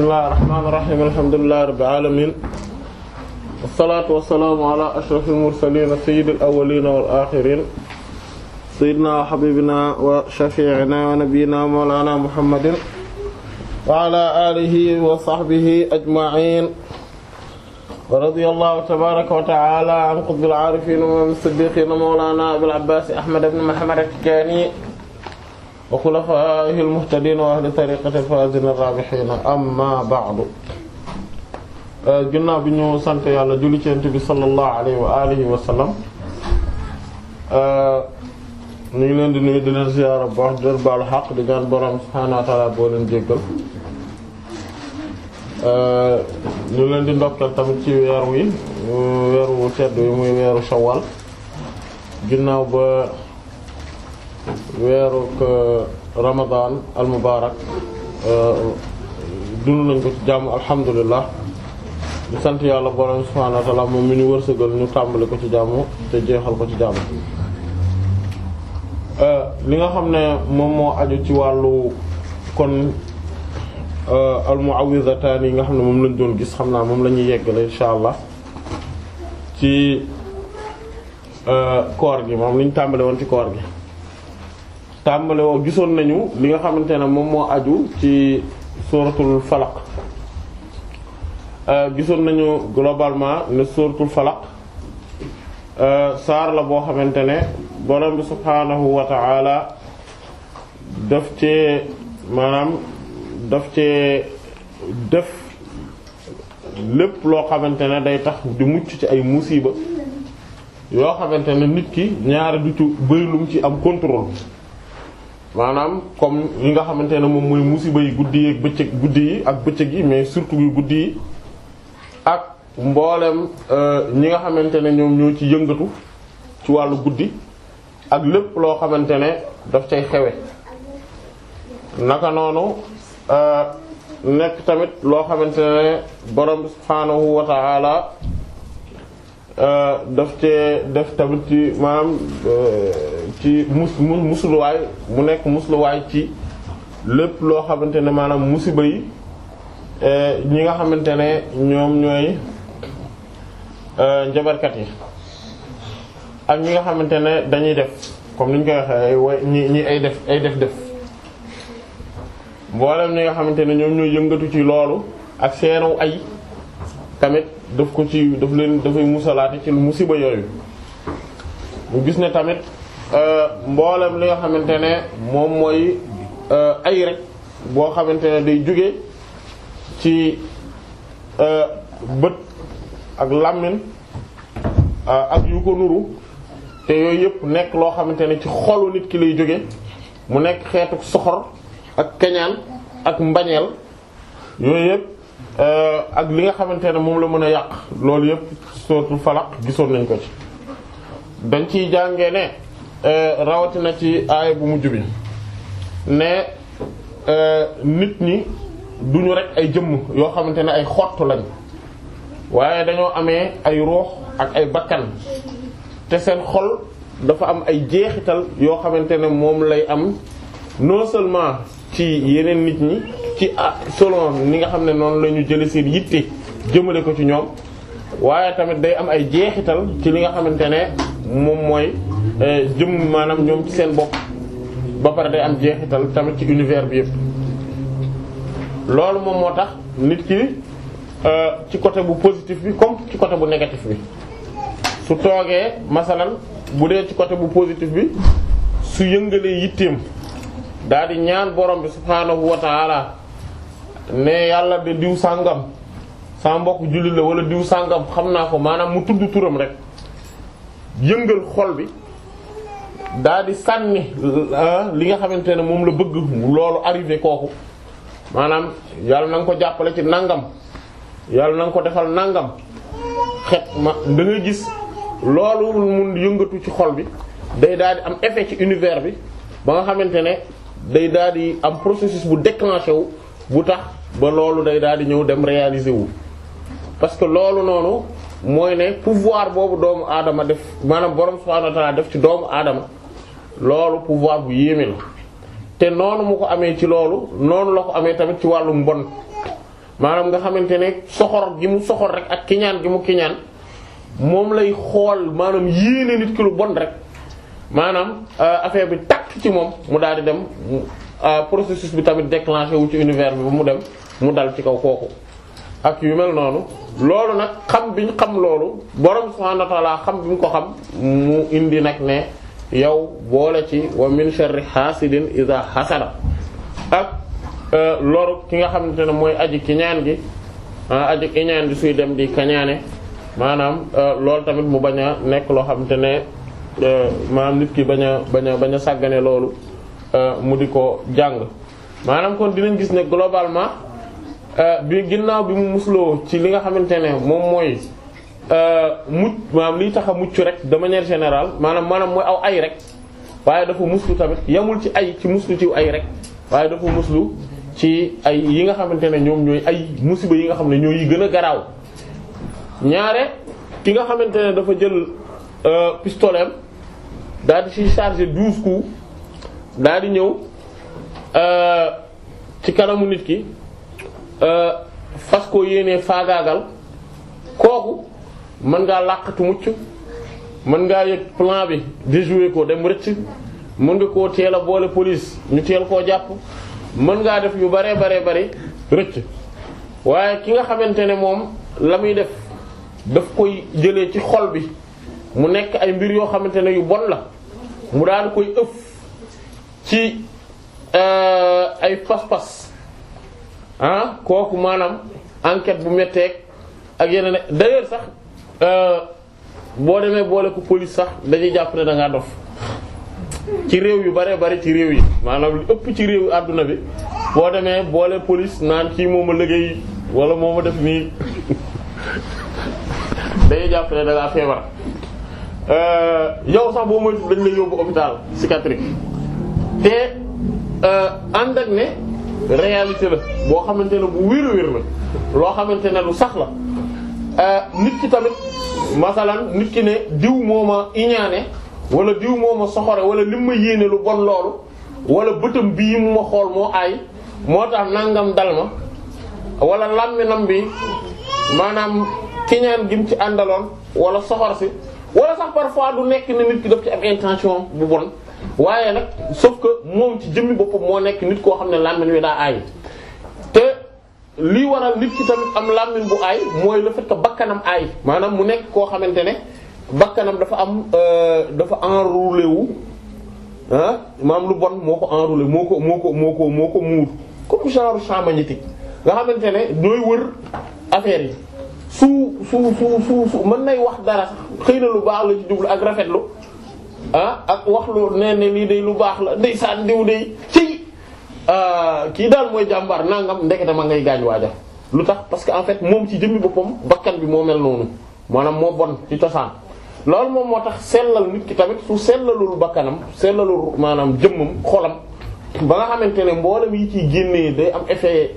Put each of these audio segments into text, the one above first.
bismillahir rahmanir rahim alhamdulillahi rabbil alamin wassalatu wassalamu ala ashrafil mursalin sayyidil awwalin wal akhirin sayyidina wa habibina wa shafi'ina wa nabiyyina mawlana muhammadin wa ala alihi wa sahbihi ajma'in ورضي الله تبارك وتعالى عن قطب العارفين ومن الصديقين مولانا أبي العباس أحمد بن محمد التجاني wa xulafaa'ihil muhtadiin wa ahli tariiqatil faa'iziinar raabihiin amma ba'du ginnaaw bi ñu sant yàlla julli ci Yonent bi sallallahu alayhi wa alihi wa sallam nuyu di ziyaara baax di baalu xaq di ñaan borom subhaanahu wa ta'aala boo leen jéggal ñu di ndokkal tamit ci weer wi weer wu tedd wi muy weeru Shawwal ginnaaw ba. weeru euh, Ramadan al mubarak euh, dund nañ ko ci jàmm alhamdulilah sant yàlla borom subhaanahu wa ta'aala moom mi ñu wërsëgal ñu tàmbali ko ci jàmm te jeexal ko ci jàmm. Euh, li nga xam ne moom moo aju ci wàllu kon al mu'awwidhataan yi nga xam ne moom lañ doon gis xam naa moom la ñuy yeggale insha allah ci koor gi moom li ñu tàmbali woon ci koor gi. tàmbale gisoon nañu li nga xamante ne moom moo aju ci suratul falaq euh, gisoon nañu globalement ne suratul falaq euh, saar la boo xamante ne borom bi subhaanahu wa def cee maanaam daf cee def lépp loo xamante ne day tax di mucc ci ay musiba yoo xamante ne nit ki ñaari du ci bëy ci am contrôle maanaam comme ñi nga xamante ne moom mooy musiba yi guddi yi ak bëccëg guddi yi ak bëccëg yi mais surtout yu guddi yi ak mboolem euh, ñi nga xamante ne ñoom ñoo ci yëngatu ci wàllu guddi ak lépp loo xamante ne daf cay xewe naka noonu euh, nekk tamit loo xamante ne borom subhaanahu wa Euh, daf cee def tamit ci maanaam euh, ci mus musluwaay mu nekk musluwaay ci lépp loo xamante ne maanaam musiba yi euh, ñi nga xamante ne ñoom ñooy njabarkat yi ak ñi nga xamante ne dañuy def comme ni ñu koy waxee way ñi ñi ay def ay def-def mboolem ñi nga xamante ne ñoom ñooy yëngatu ci loolu ak seenu ay tamit daf ko ci daf leen dafay musalaate ci musiba yooyu ñu gis ne tamit euh, mboolem li nga xamante ne moom mooy euh, ay rek boo xamante ne day jóge ci euh, bët ak làmmin ak yu ko nuru te yooyu yëpp nekk loo xamante ne ci xolu nit ki lay jóge mu nekk xeetu soxor ak keñaan ak mbañeel yooyu yëpp Euh, ak li nga xamante ne moom la mën a yàq loolu yëpp sootu falaq gisoon nañ ko ci dañ ciy jàngee ne euh, rawatina ci aaya bu mujj bi ne euh, nit ñi duñu rek ay jëmm yoo xamante ne ay xott lañ waaye dañoo amee ay ruux ak ay bakkan te seen xol dafa am ay jeexital yoo xamante ne moom lay am non seulement ci yeneen nit ñi ci ah, selon ni nga xam ne noonu la ñu jëlee seen yitte jëmale ko ci ñoom waaye tamit day am ay jeexital ci li nga xamante ne moom mooy eh, jëm maanaam ñoom ci seen bopp ba pare day am jeexital tamit ci univers bi yëpp. loolu moom moo tax nit ki eh, ci côté bu positif bi comme ci côté bu négatif bi su toogee masalan bu dee ci côté bu positif bi su yëngalee yitteem daal ñaan borom bi subhaanahu wa ne yàlla de diw sàngam sama mbokk jullit la wala diw sàngam xam naa ko maanaam mu tudd turam rek yëngal xol bi daa di sànni ah, li nga xamante ne moom la bëgg loolu arrivé kooku maanaam yàlla na nga ko jàppale ci nangam yàlla na nga ko defal nangam xet ma da gis loolu mun yëngatu ci xol bi day daal di am effet ci univers bi ba nga xamante ne day daal di am processus bu déclenché wu bu tax ba loolu day daal di ñëw dem réaliser wu parce que loolu noonu mooy ne pouvoir boobu doomu aadama def maanaam borom subhaanahu wa def ci doomu aadama loolu pouvoir bu yéeme la te noonu mu ko amee ci loolu noonu la ko amee tamit ci wàllu mbon maanaam nga xamante ne soxor gi mu soxor rek ak kiñaan gi mu kiñaan moom lay xool maanaam yéene nit ki lu bon rek maanaam euh, affaire bi takk ci moom mu daal di dem Euh, processus bi tamit déclenché wu ci univers bi ba mu dem mu dal ci kaw kooku ak yu mel noonu loolu nag xam biñ xam loolu borom subhaanahu wa ta'aala xam bi mu ko xam indi nag ne yow boole ci wa min sharri hasidin iza hasada ak euh, loru ki nga xamante mooy aji kiñaan gi ah, aji kiñaan suy dem di kañaane maanaam euh, loolu tamit mu bañ a nekk loo xamante ne maanaam nit ki bañ a bañ a bañ sàggane loolu Euh, mu di ko jàng maanaam kon dinañ gis ne globalement euh, bi ginnaaw bi mu musuloo ci li nga xamante ne moom mooy euh, mucc maanaam liy taxa mucc rek de manière générale maanaam maanaam mooy aw ay rek waaye dafa muslu tamit yamul ci ay ci muslu ci ay rek waaye dafa musulu ci ay yi nga xamante ne ñoom ñooy ay musiba yi nga xam ne ñoo yi gën a garaaw ñaare ki nga xamante ne dafa jël pistolet daal ci charger douze daal di ñëw euh, ci kanamu nit ki euh, fas koo yéenee faagaagal kooku mën ngaa làqatu mucc mën ngaa yëg plan bi déjouer ko dem rëcc mën nga koo teel a boole police ñu teel koo jàpp mën ngaa def yu bare bare bare rëcc waaye ki nga xamante ne moom la muy def daf koy jëlee ci xol bi mu nekk ay mbir yoo xamante ne yu bon la mu daal koy ëf ci euh, ay pas-pas ah, kooku maanaam enquête bu métteeg ak yeneen d'ailleurs sax euh, boo demee boole ko police sax dañuy jàpp ne dof ci réew yu bare bari ci réew yi maanaam lu ëpp ci réew àdduna bi boo demee boole police naan kii moom a liggéey wala moom a def nii dañuy jàpp ne feebar euh, yow sax boo moytu dañ lay yóbbu hôpital psychiatrique te euh, ànd ak ne réalité la boo xamante ne bu wér a la loo xamante ne lu sax la euh, nit ki tamit masalan nit ki ne diw moo ma iñaane wala diw moo ma soxore wala lim ma yéene lu bon loolu wala bëtam bii mu ma xool moo aay moo tax nangam dal ma wala làmminam bi maanaam kiñaan gim ci àndaloon wala soxor si wala sax parfois du nekk ne nit ki daf ci am intention bu bon waaye nag sauf que moom ci jëmmi boppam moo nekk nit koo xam ne làmmiñ wi daa ay te lii waral nit ki tamit am làmmiñ bu ay mooy le fait bakkanam ay maanaam mu nekk koo xamante ne bakkanam dafa am euh, dafa enroulé wu ah maam lu bon moo ko enroulé moo ko moo ko moo ko moo muur comme genre champ nga xamante ne ñooy wër affaire yi su su su mën nay wax dara xëy na lu baax la ci jublu ak rafetlu ah ak wax lu ne ne lii day lu baax la ndeysaan diw day ci ah, kii daal mooy jàmbaar nangam ndekete dama ngay gaañ waaja lu tax parce que en fait moom ci jëmmi boppam bakkan bi moo mel noonu maanaam moo bon ci cosaan loolu moom moo tax sellal nit ki tamit su sellalul bakkanam sellalul maanaam jëmmam xolam ba nga xamante ne mboolem yi ci génnee day am effet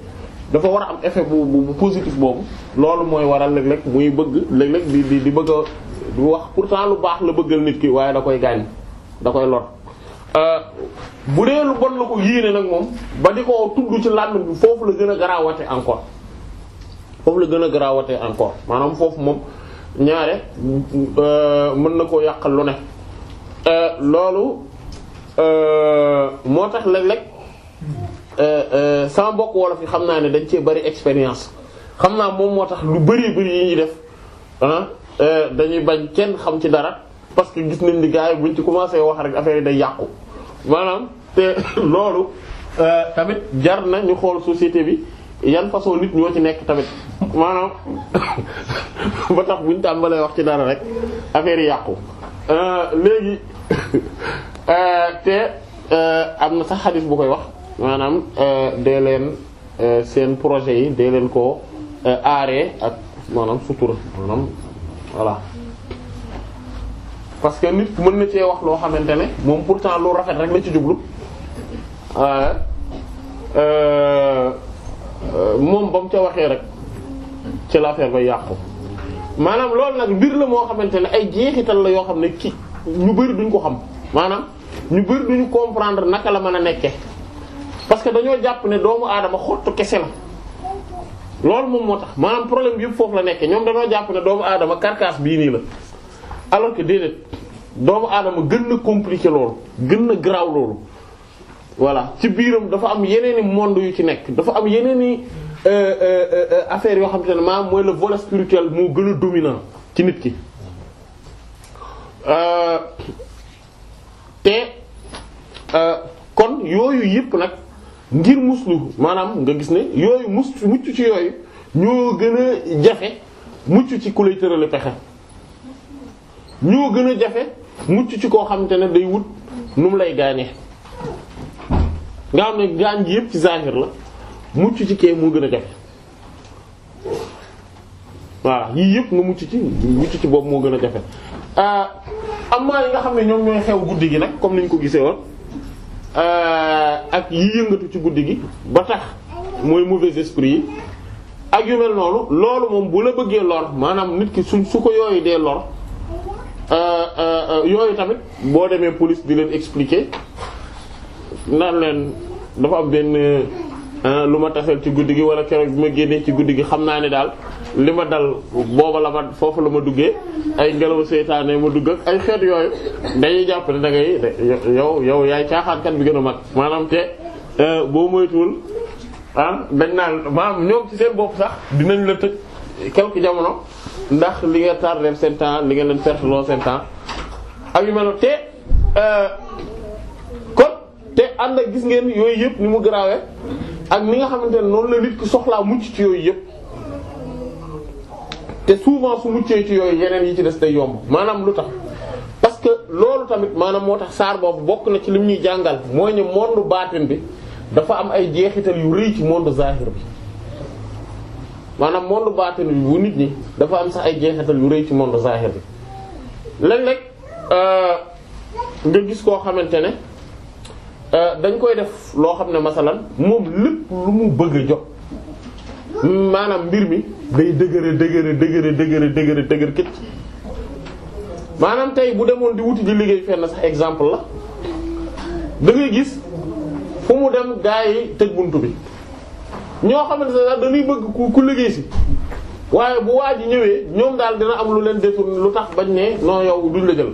dafa war a am effet bu bu positif boobu loolu mooy waral léeg-léeg muy bëgg léeg-léeg di di bëgg du wax pourtant lu baax la bëggal nit ki waaye da koy gaañ da koy lor euh, bu dee lu bon la ko yéene nag moom ba di ko tudd ci làmmiñ foofu la gën a garaawate encore foofu la gën a garaawate encore maanaam foofu moom ñaare euh, mën na koo yàqal lu ne euh, loolu moo tax léeg-léeg sama mbokk wolof yi xam naa ne dañ cee bari expérience xam naa moom moo tax lu bari bari yi ñuy def Euh, dañuy bañ kenn xam ci dara parce que gis nañ ni gars yi buñ ci commencé wax rek affaire yi day yàqu maanaam te loolu euh, tamit jar na ñu xool société bi yan façon nit ñoo ci nekk tamit maanaam ba tax buñ tàmbalee wax ci dara rek affaire yàqu euh, léegi te am na sax xadis bu koy wax maanaam dee leen seen projet yi dee leen ko aaree ak maanaam sutura maanaam voilà parce que nit mën na cee wax loo xamante ne moom pourtant lu rafet rek la ci jublu euh, euh, moom ba mu ca waxee rek ci l'affaire bay yàqu maanaam loolu nag mbir la moo xamante ne ay jeexital la yoo xam ne ki ñu bari duñ ko xam maanaam ñu bari duñu comprendre naka la mën a nekke parce que dañoo jàpp ne doomu aadama xottu kese la loolu moom moo tax maanaam problème bi yëpp foofu la nekkee ñoom dañoo jàpp ne doomu aadama carcasse bii nii la alors que déedéet doomu aadama gën na compliqué loolu gën na garaaw loolu. voilà ci biiram dafa am yeneen i monde yu ci nekk dafa am yeneen i euh, euh, euh, affaires yoo xam te ne maanaam mooy le volet spirituel moo gën a dominant ci nit ki te kon yooyu yëpp nag. ngir mus muslu maanaam nga gis ne yooyu mus mucc ci yooyu ñoo gën a jafe mucc ci ku lay pexe ñoo gën a jafe mucc ci koo xamante ne day wut nu mu lay gaañee nga xam ne gaañ gi yëpp ci zahir la mucc ci kee moo gën a jafe voilà yii yëpp nga mucc ci mucc ci boobu moo gën a jafe euh, amaa yi nga xam ne ñoom ñooy xew guddi gi nag comme niñ ko gisee woon ak yi yëngatu ci guddi gi ba tax mooy mauvais esprit yi ak yu mel noonu loolu moom bu la bëggee lor maanaam nit ki suñ su ko yooyu dee lor euh, euh, yooyu tamit boo demee police di leen expliquer naan leen dafa am benn Ah, lu ma taseel ci guddi gi wala keroog bi ma génnee ci guddi gi xam naa ne daal li ma dal booba la ma foofu la ma duggee ay ngelaw seytaane ma dugg ak ay xeet yooyu dañuy jàpp ne da ngay yow yow yaay caaxaankat bi gën a mag maanaam te ah, boo moytuwul ah dañ naan maanaam ñoom ci seen bopp sax dinañ la tëj quelque jamono ndax li nga tardé seen temps li nga leen perte loo seen temps ak yu mel te ah, te ànd ak gis ngeen yooyu yëpp ni mu garaawee ak ni nga xamante ne noonu la nit ki soxlaa mucc ci yooyu yëpp te souvent su muccee ci yooyu yeneen yi ci des day yomb maanaam lu tax parce que loolu tamit maanaam moo tax saar boobu bokk na ci lim ñuy jàngal mooy ne monde baatin bi dafa am ay jeexital yu rëy ci monde zahir bi maanaam monde baatin bi bu nit ñi dafa am sax ay jeexital yu rëy ci monde zahir bi léeg-léeg euh, nga gis koo xamante ne. Euh, dañ koy def loo xam ne masalan moom lépp lu mu bëgg a jot maanaam mbir mi day dëgëre dëgëre dëgëre dëgëre dëgëre dëgër këcc maanaam tey bu demoon di wuti di liggéey fenn sax exemple la da gis fu mu dem gaa yi tëj buntu bi ñoo xam ne dañuy bëgg ku ku liggéey si waaye bu waa yi ñëwee ñoom daal dina am lu leen détourné lu tax bañ ne non yow duñ la jël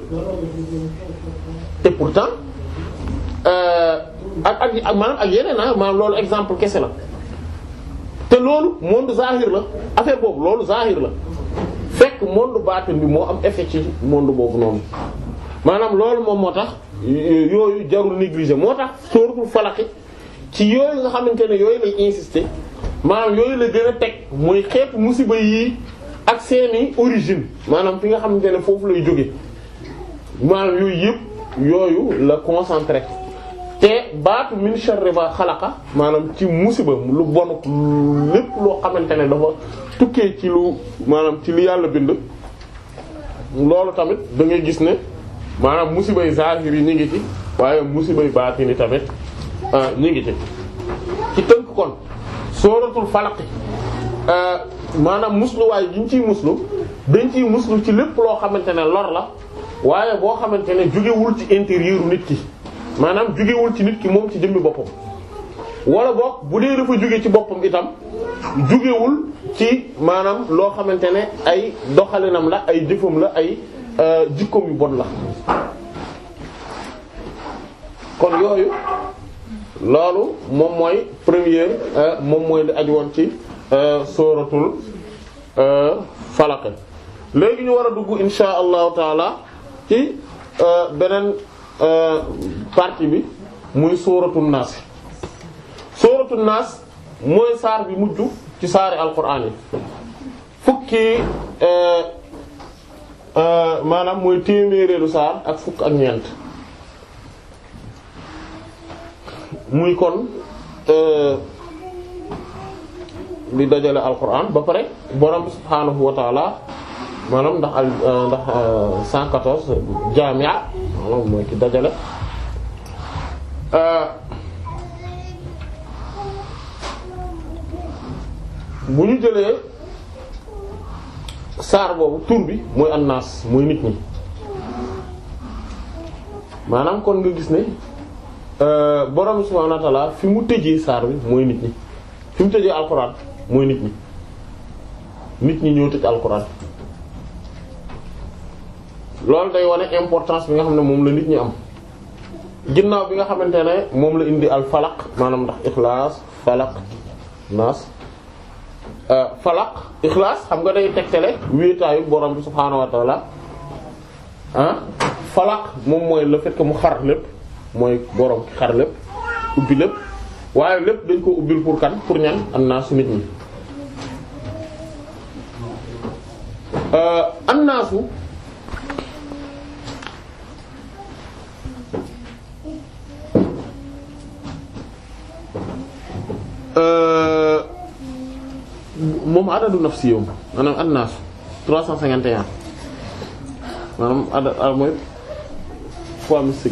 te pourtant Euh, ak ak maanaam ak yeneen ah maanaam loolu exemple kese la te loolu monde zahir la affaire boobu loolu zahir la fekk monde baatin bi moo am effet ci monde boobu noonu maanaam loolu moom moo tax yooyu jarul négliger moo tax sóoratul falaqi ci yooyu nga xamante ne yooyu lay insisté maanaam yooyu la gën a teg mooy xeetu musiba yii ak seeni origine maanaam fi nga xamante ne foofu lay jóge maanaam yooyu yëpp yooyu la concentré te baatu min sharri ma maanaam ci musiba lu bonuk lépp loo xamante ne dafa tukkee ci lu maanaam ci lu yàlla bind loolu tamit dangay gis ne maanaam musibay zahir yi ñu ngi ci waaye musibay baatini tamit ah, ñu ngi ci ci tënk kon sooratul falaqi ah, maanaam musluwaay gi ñu ciy muslu dañ ciy muslu ci lépp loo xamante ne lor la waaye boo xamante ne jógewul ci intérieur nit ki maanaam jugewul ci nit ki moom ci jëmmi boppam wala boog bu dee dafa juge ci boppam itam jugewul ci maanaam loo xamante ne ay doxalinam la ay jëfam la ay euh, jikkoom yu bon la kon yooyu loolu moom mooy première euh, moom mooy li aj woon ci euh, sooratul falaq léegi ñu war a dugg insha allahu taala ci beneen Euh, partie bi muy sóoratu naas sóoratu naas mooy saar bi mujj ci saari alquran yi fukki euh, euh, maanaam mooy téeméeréeru saar ak fukk ak ñeent muy kon di dajale alquran ba pare borom subhaanahu wa maanaam ndax al euh, ndax 114 euh, maanaam mooy ki dajale euh, bu ñu jëlee saar boobu tur bi mooy annaas mooy nit ñi maanaam kon nga gis ne borom subhaanahu wa fi mu tëjee saar bi mooy nit ñi fi mu tëjee alxuraan mooy nit ñi nit ñi ñoo tëj alxuraan loolu day wane importance bi nga xam ne moom la nit ñi am ginnaaw bi nga xamante ne moom la indi al falaq maanaam ndax ixlaas falaq naas euh, falaq ixlaas xam nga day tegtale wéetaayu borom bi subhaanahu wa ah, moom mooy le fait mu xar lépp mooy boroom ki xar lépp ubbi lépp waaye lépp dañ ko ubbil pour kan pour ñan am naa su nit ñi euh, Euh, moom adadu nafsi yow maanaam annaas 351 maanaam adad ah, mooy bi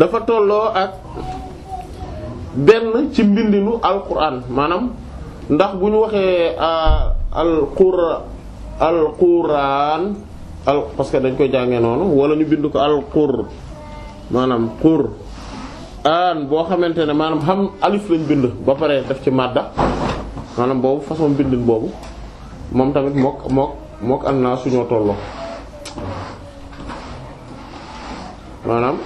dafa tolloo ak benn ci mbindinu alquran maanaam ndax bu ñu waxee ah, alqura alquran al parce que dañ koy jànge noonu wala ñu bind ko alqur maanaam qur aan boo xamante ne maanaam xam alif lañ bind ba paree def ci madda maanaam boobu façon bindin boobu moom tamit mook mook mook an naa suñoo tolloo maanaam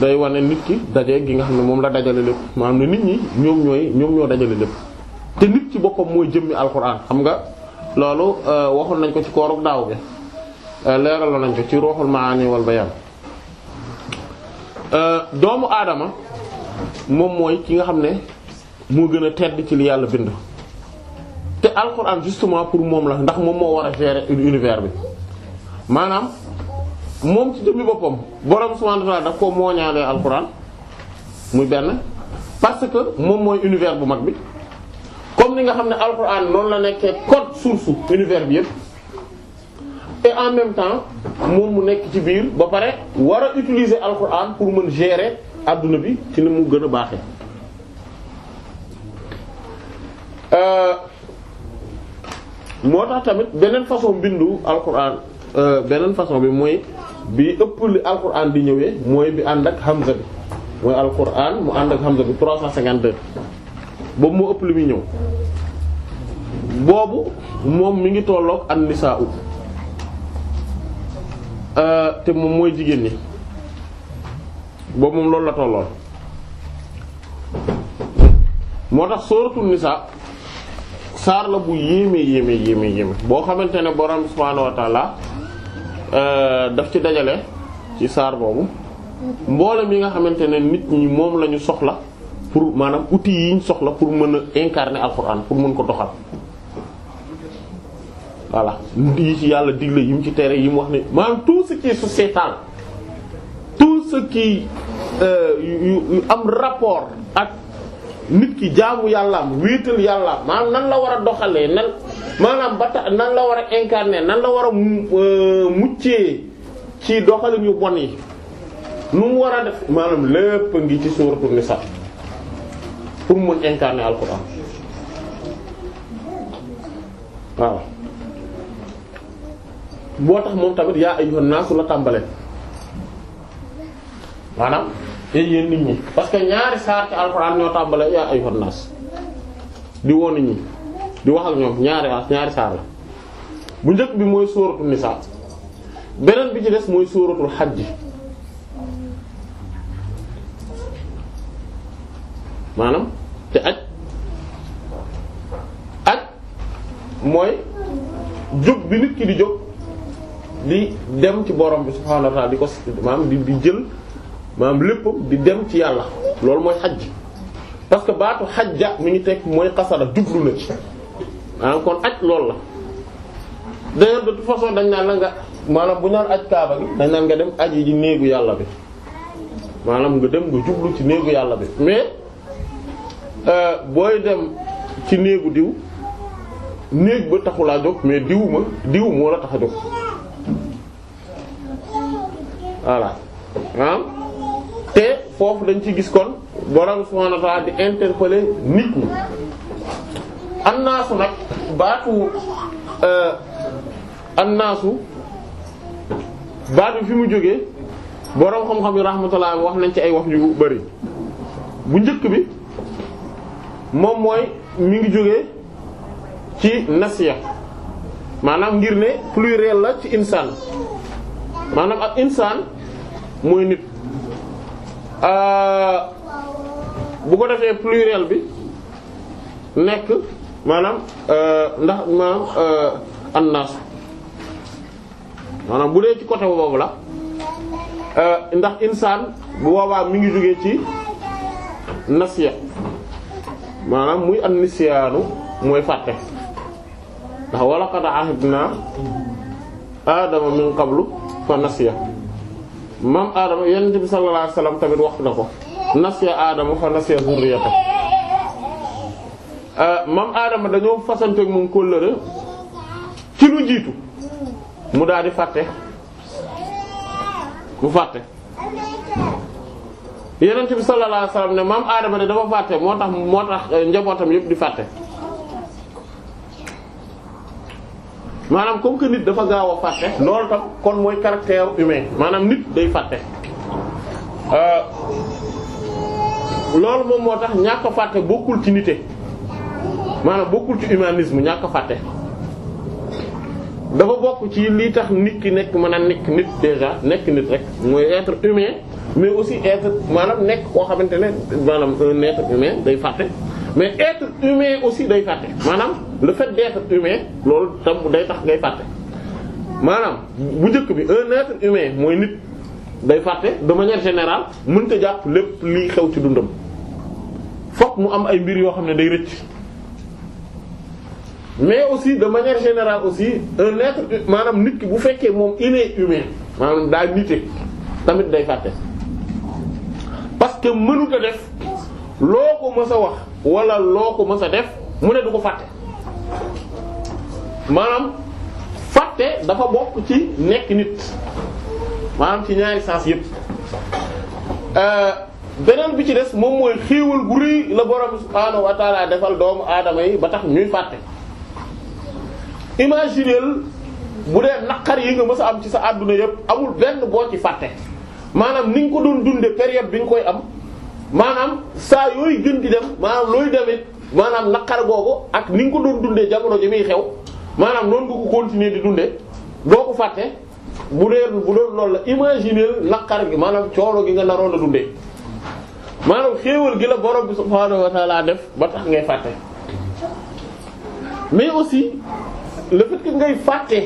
day wane nit ki daje gi nga xam ne moom la dajale lépp maanaam ne nit ñi ñoom ñooy ñoo dajale lépp te nit ci boppam mooy jëmmi alxuraan xam nga loolu euh, waxoon nañ ko ci koorug daaw bi euh, leeraloon nañ ko ci ruuxul maani wal bayaan Euh, doomu aadama moom mooy ki nga xam ne moo gën a tedd ci li yàlla bind te alxuraan justement pour moom la ndax moom moo war a gérer univers bi maanaam moom ci jëmmi boppam borom subhanahu wa ta'ala daf koo mooñaalee alxuraan muy benn parce que moom mooy univers bu mag bi comme ni nga xam ne alxuraan noonu la nekkee code source univers bi yëpp et en même temps moom mu nekk ci biir ba pare war a utiliser alxuraan pour mën gérer adduna bi ci ni mu gën a baaxee. Euh, moo tax tamit beneen façon bindu alxuraan euh, beneen façon bi mooy bi ëpp li alxuraan di ñëwee mooy bi ànd ak hamza bi mooy alxuraan mu ànd ak hamza bi 352 boobu moo ëpp li muy ñëw boobu moom mu ngi tolloog an nisaa ut Euh, te moom mooy jigéen ñi boobu moom loolu la tolloon moo tax sóoratul nisaa saar la bu yéeme yéeme yéeme yéeme boo xamante ne borom subhaanahu wa taala euh, daf ci dajale ci saar boobu mboolem yi nga xamante ne nit ñi moom la ñu soxla pour maanaam outils yi ñu soxla pour mën a incarner alxuraan pour mën ko doxal. voilà yi ci yàlla digle yi mu ci tere yi mu wax ne maanaam tout ce qui est sociétal tout ce euh, yu am rapport ak nit ki jaamu yàllaam yàlla yàllaam maanaam nan la war a doxalee nan maanaam ba ta nan la war a incarner nan la war a euh, muccee ci doxalin yu bon yi nu mu war a def maanaam lépp ngi ci suuratul Nisaa pour mun incarner alxuraan waaw boo tax moom tamit yaa ay naasu la tàmbale maanaam ay yéen nit ñi parce que ñaari saar ci alxuraan ñoo tàmbale yaa ay naas di woo nit ñi di wax ak ñoom ñaari ñaari saar la bu njëkk bi mooy sóoratu nisaa beneen bi ci des mooy sóoratul xaj maanaam te aj aj mooy jóg bi nit ki di jóg di dem ci borom bi subhaanahu wa ta'ala di ko maanaam di di jël maanaam lépp di dem ci yàlla loolu mooy xajj parce que baatu ja mu ngi teg mooy xasara jublu na ci maanaam kon aj loolu la d'ailleurs de toute façon dañ naan maanaam bu ñaan aj kaaba gi dañ naan nga dem aji ji néegu yàlla bi maanaam nga dem nga jublu ci néegu yàlla bi mais euh, booy dem ci néegu diw néeg ba taxulaa jóg mais diw ma diw moo la tax a jóg voilà ah te foofu dañ ci gis kon borom subhaanahu wa ta'aala di interpeller nit ñi annaasu nag baatu euh, annaasu baatu fi mu jógee borom xam-xam yi rahmatullah wax nañ ci ay wax yu bari bu njëkk bi moom mooy mi ngi jógee ci nasiya maanaam ngir ne pluriel la ci insaan maanaam ak insaan mooy nit euh, bu ko defee pluriel bi nekk maanaam euh, ndax maanaam euh, annaas maanaam bu dee ci côté boobu la ndax insaan bu boobaa mi ngi jógee ci nasiya maanaam muy an nisyaanu mooy fàtte ndax walaqad ahidnaa aadama min qablu fa nasiya maam Adama yonent bi sallallahu alayhi tamit wax na ko nasiya Adama fa nasiya zurriyata euh, maam Adama dañoo fasanteeg moom kóllëre ci lu jiitu mu daal di fàtte mu fàtte. yonent bi sallallahu alayhi ne maam Adama ne dafa fàtte moo tax moo tax euh, njabootam yépp di fàtte. maanaam comme que nit dafa gaaw a fàtte loolu tam kon mooy caractère humain maanaam nit day fàtte euh, loolu moom moo tax ñàkk a fàtte bokkul ci nite maanaam bokkul ci humanisme ñàkk fàtte dafa bokk ci lii tax nit ki nekk mën a nekk nit déjà nekk nit rek mooy être humain mais aussi être maanaam nekk koo xamante ne maanaam un être day fàtte mais être humain aussi day fàtte maanaam le fait d'être humain loolu tam day tax ngay fàtte maanaam bu njëkk bi un être humain mooy nit day fàtte de manière générale mënta jàpp lépp liy xew ci dundam fokk mu am ay mbir yoo xam ne day rëcc mais aussi de manière générale aussi un être maanaam nit ki bu fekkee moom il est humain maanaam daa nite tamit day fàtte parce que mënuta def loo ko mës wax wala loo ko mës a def mu ne du ko fàtte maanaam fàtte dafa bokk ci nekk nit maanaam ci ñaari sens yépp euh, beneen bi ci des moom mooy xéewal gu rëy la borom subhaanahu wa defal doomu aadama yi ba tax ñuy fàtte imagineel bu dee naqar yi nga mës a am ci sa àdduna yépp amul benn boo ci fàtte maanaam ni nga ko doon dunde période bi ñu koy am maanaam saa yooyu gën di dem maanaam looy demit maanaam naqar googu ak ni nga ko doon dundee jamono ji muy xew maanaam noonu nga ko continuer di dundee doo ko fàtte bu dee bu doon loolu la imaginer naqar gi maanaam coono gi nga naroon a dundee maanaam xéewal gi la borom bi subhaanahu wa ta'ala def ba tax ngay fàtte mais aussi le fait que ngay fàtte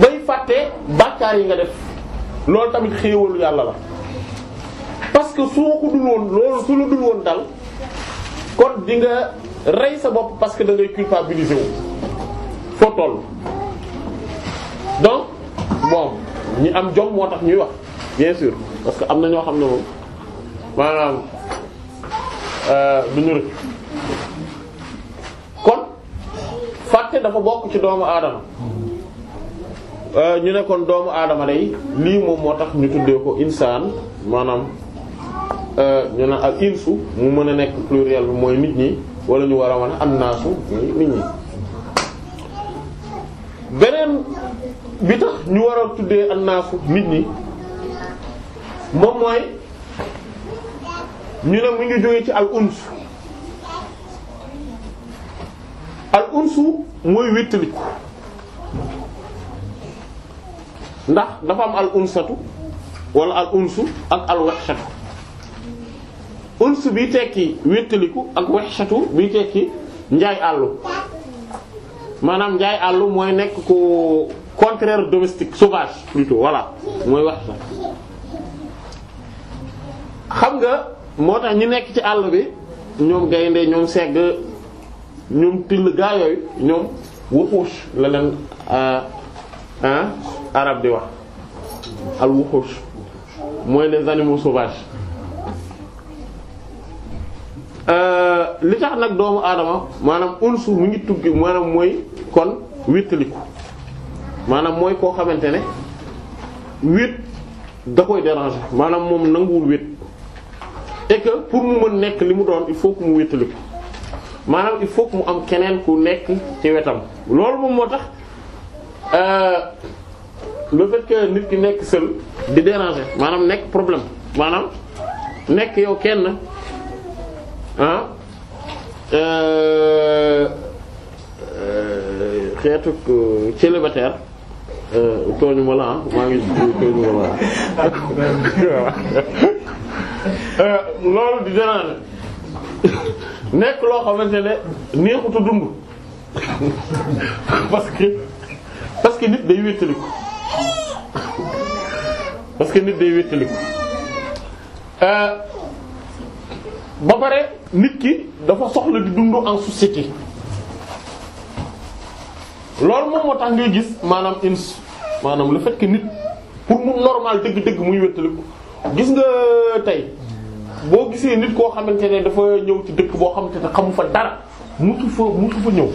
bay fàtte bàkkaar yi nga def loolu tamit xéewalu yàlla la parce que soo ko dul woon loolu su la dul woon dal kon di nga rey sa bopp parce que da ngay wu foo toll donc bon ñi am jom moo tax ñuy wax bien sûr parce que am na ñoo xam ne moom maanaam euh, du ñu rëcc kon fàtte dafa bokk ci doomu aadama euh, ñu ne kon doomu aadama day lii moom moo tax ñu tuddee ko insaan maanaam Euh, ñu naan al insu mu mën a nekk pluriel bi mooy nit ñi wala ñu war a mën a am naasu nit ñi. beneen bi tax ñu war a tuddee an naasu nit ñi moom mooy ñu ne mu ngi jógee ci al uns al unsu mooy wéttaliku ndax dafa am al unsatu wala al unsu ak al wahshatu uns bi tekki wéttaliku ak wexshatu bi tekki njaay àllu maanaam njaay àllu mooy nekk ku contraire domestique sauvage plutôt voilà mooy wexsha xam nga moo tax ñi nekk ci àll bi ñoom gaynde ñoom segg ñoom till gaa yooyu ñoom wuxuus la leen euh, arab di wax al wuxuus mooy les animaux sauvages Euh, li tax nag doomu aadama maanaam unsu mu ngi tugg maanaam mooy kon wéttaliku maanaam mooy koo xamante ne wét da koy déranger maanaam moom nanguwul wét et que pour mu mën nekk li mu doon il faut que mu wéttaliku maanaam il faut que mu am keneen ku nekk ci wetam loolu moom moo tax euh, le fait que nit ki nekk seul di déranger maanaam nekk problème maanaam nekk yow kenn Euh, euh, xeetu euh, célibataire tooñu ma la ah maa ngi tooñu ma la ah loolu di déranger nekk loo xamante ne neexutu dund parce que parce que nit day wéttaliku parce que nit day wéttaliku. ba pare nit ki dafa soxla di dund en société loolu moom moo tax ngay gis maanaam ins maanaam lu fait nit pour mu normal dëgg-dëgg muy wéttaliku gis nga tey boo gisee nit koo xamante ne dafa ñëw ci dëkk boo xamante ne xamu fa dara mutu fa mutu fa ñëw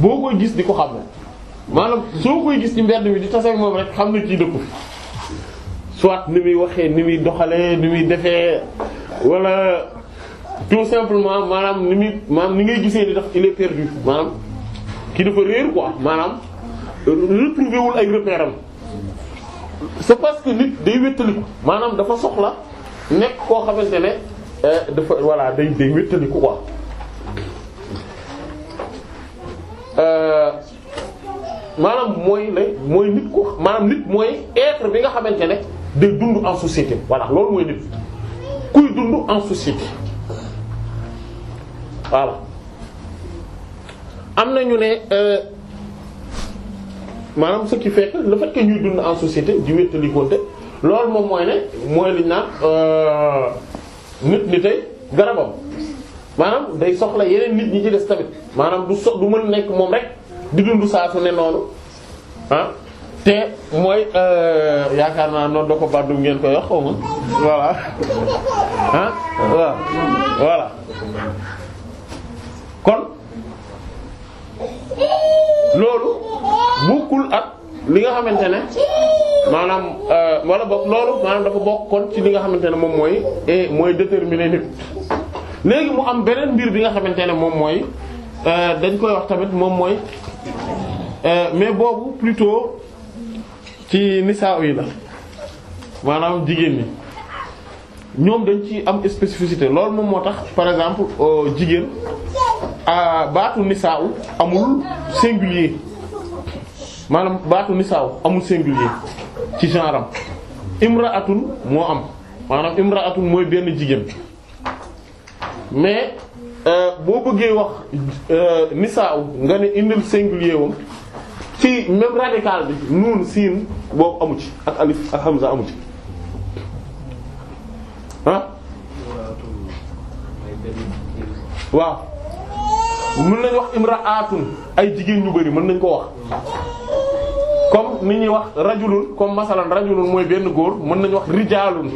boo koy gis di ko xam maanaam soo koy gis ci mbedd mi di taseeg moom rek xam na ciy dëkku soit ni muy waxee ni muy doxalee ni muy defee wala tout simplement maanaam ni muy maanaam ni ngay gisee ni tax il est perdu maanaam ki dafa réer quoi maanaam euh, retrouver wul ay repères am c'est parce que nit day wéttaliku maanaam dafa soxla nekk koo xamante ne euh, dafa voilà day day ko quoi euh, maanaam mooy lay mooy nit ko maanaam nit mooy être bi nga xamante ne day dund en société voilà loolu mooy nit kuy dund en société voilà am na ñu ne euh, maanaam ce qui fait que le fait que ñuy dund en société di wéttali konte loolu moom mooy ne mooy liñ naan euh, nit ni tey garabam maanaam day soxla yeneen nit ñi ci des tamit maanaam du so du mën nekk moom rek di dund saa su ne noonu ah te mooy euh, yaakaar naa noonu da ko bàddum ngeen koy wax xaw ma voilà ah waaw voilà kon loolu bu kul ak li nga xamante ne maanaam euh, wala boog loolu maanaam dafa bokk kon ci li nga xamante ne moom mooy mooy déterminer nit léegi mu am beneen mbir bi nga xamante ne moom mooy euh, dañ koy wax tamit moom mooy mais boobu plutôt ci nisaa yi la maanaam jigéen ñi ñoom dañ ci am spécificité loolu moom moo tax par exemple euh, jigéen baatu nisaa amul singulier maanaam baatu nisaa amul singulier ci genre am imraatun moo am maanaam imraatun mooy benn jigéen mais euh, boo bëggee wax euh, nisaa nga ne indil singulier wam ci même radical bi nuun siin boo amu ci ak alif ak hamza amu ci ah waaw mën nañ wax imra'atun ay jigéen ñu bari mën nañ koo wax comme ni ñuy wax rajulun comme masalan rajulun mooy benn góor mën nañu wax rijalun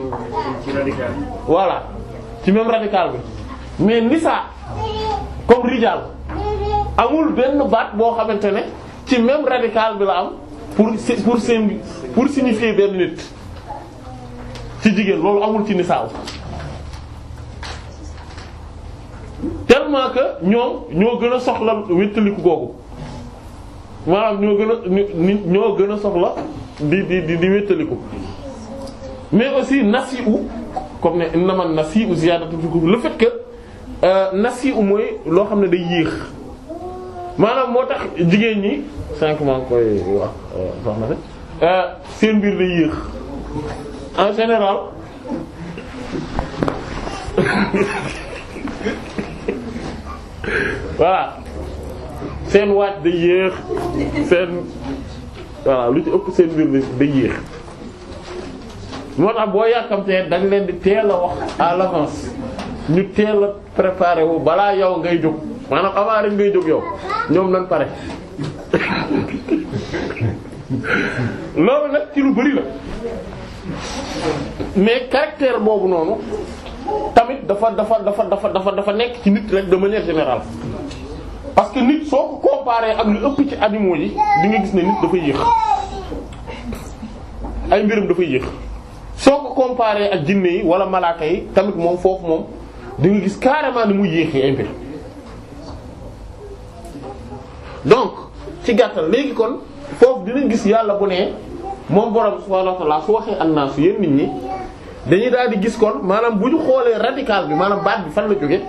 voilà ci même radical bi mais nisa comme rijal amul benn baat boo xamante ne ci même radical bi la am pour pour pour signifier benn nit ci jigéen loolu amul ci nisaaw tellement que ñoom ñoo gën a soxla wéttaliku googu maanaam ñoo gën a ñoo gën a soxla di di di di wéttaliku mais aussi nasi'u comme ne innaman nasi'u ziyadatu fi le fait que euh, nasi'u mooy loo xam ne day yéex. maanaam moo tax jigéen ñi cinq man koy wax euh, sax euh, seen mbir day yéex en général voilà seen waaj day yéex seen voilà lu ci ëpp seen mbir day yéex moo tax boo yàkkamtee dañ leen di teel a wax à l'avance ñu teel a préparer wu balaa yow ngay jóg maanaam avant rek ngay jóg yow ñoom nan pare loolu nag ci lu bari la mais caractère boobu noonu tamit dafa dafa dafa dafa dafa dafa nekk ci nit rek de manière générale parce que nit soo ko comparé ak lu ëpp ci animaux yi di nga gis ne nit dafa yéex ay mbirum dafa yéex soo ko comparé ak jinne yi wala malaaka yi tamit moom foofu moom di gis carrément ni mu yéexee ay mbir donc ci gàttal léegi kon foofu dinañ gis yàlla bu ne moom borom subhaanahu wa ta'ala su waxee annaas yéen nit ñi dañuy daal di gis kon maanaam bu ñu xoolee radical bi maanaam baat bi fan la jóge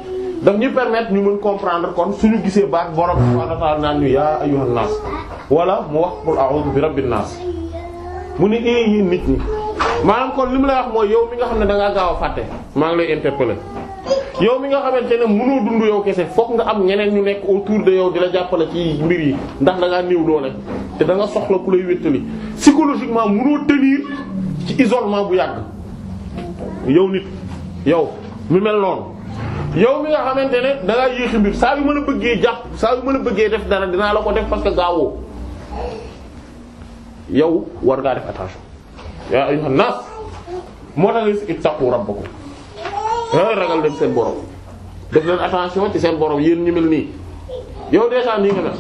daf ñuy permettre ñu mën comprendre kon suñu gisee baat borom subhaanahu wa ta'ala naan ñu yaa ayyuhan naas wala mu wax qul a'udhu bi rabbin naas mu ne eh yéen nit ñi maanaam kon li mu lay wax mooy yow mi nga xam ne danga ngaa gaaw a fàtte maa ngi lay interpeller yow mi nga xamante ne mënoo dund yow kese fokk nga am ñeneen ñu nekk autour de yow di la jàppale ci mbir yi ndax da ngaa néew doole te da nga soxla ku lay wéttali psychologiquement mënoo tenir ci isolement bu yàgg yow nit yow mi mel noonu yow mi nga xamante ne da ngaa yéexi mbir saa yu mën a bëggee jàpp saa yu mën a bëggee def dara dinaa la ko def parce que gaawoo yow war ngaa def attention yaa ayyuhan nas moo tax ittaqu rabbakum ragal dem seen borom def leen attention ci seen borom yéen ñu mel nii yow déjà nii nga mel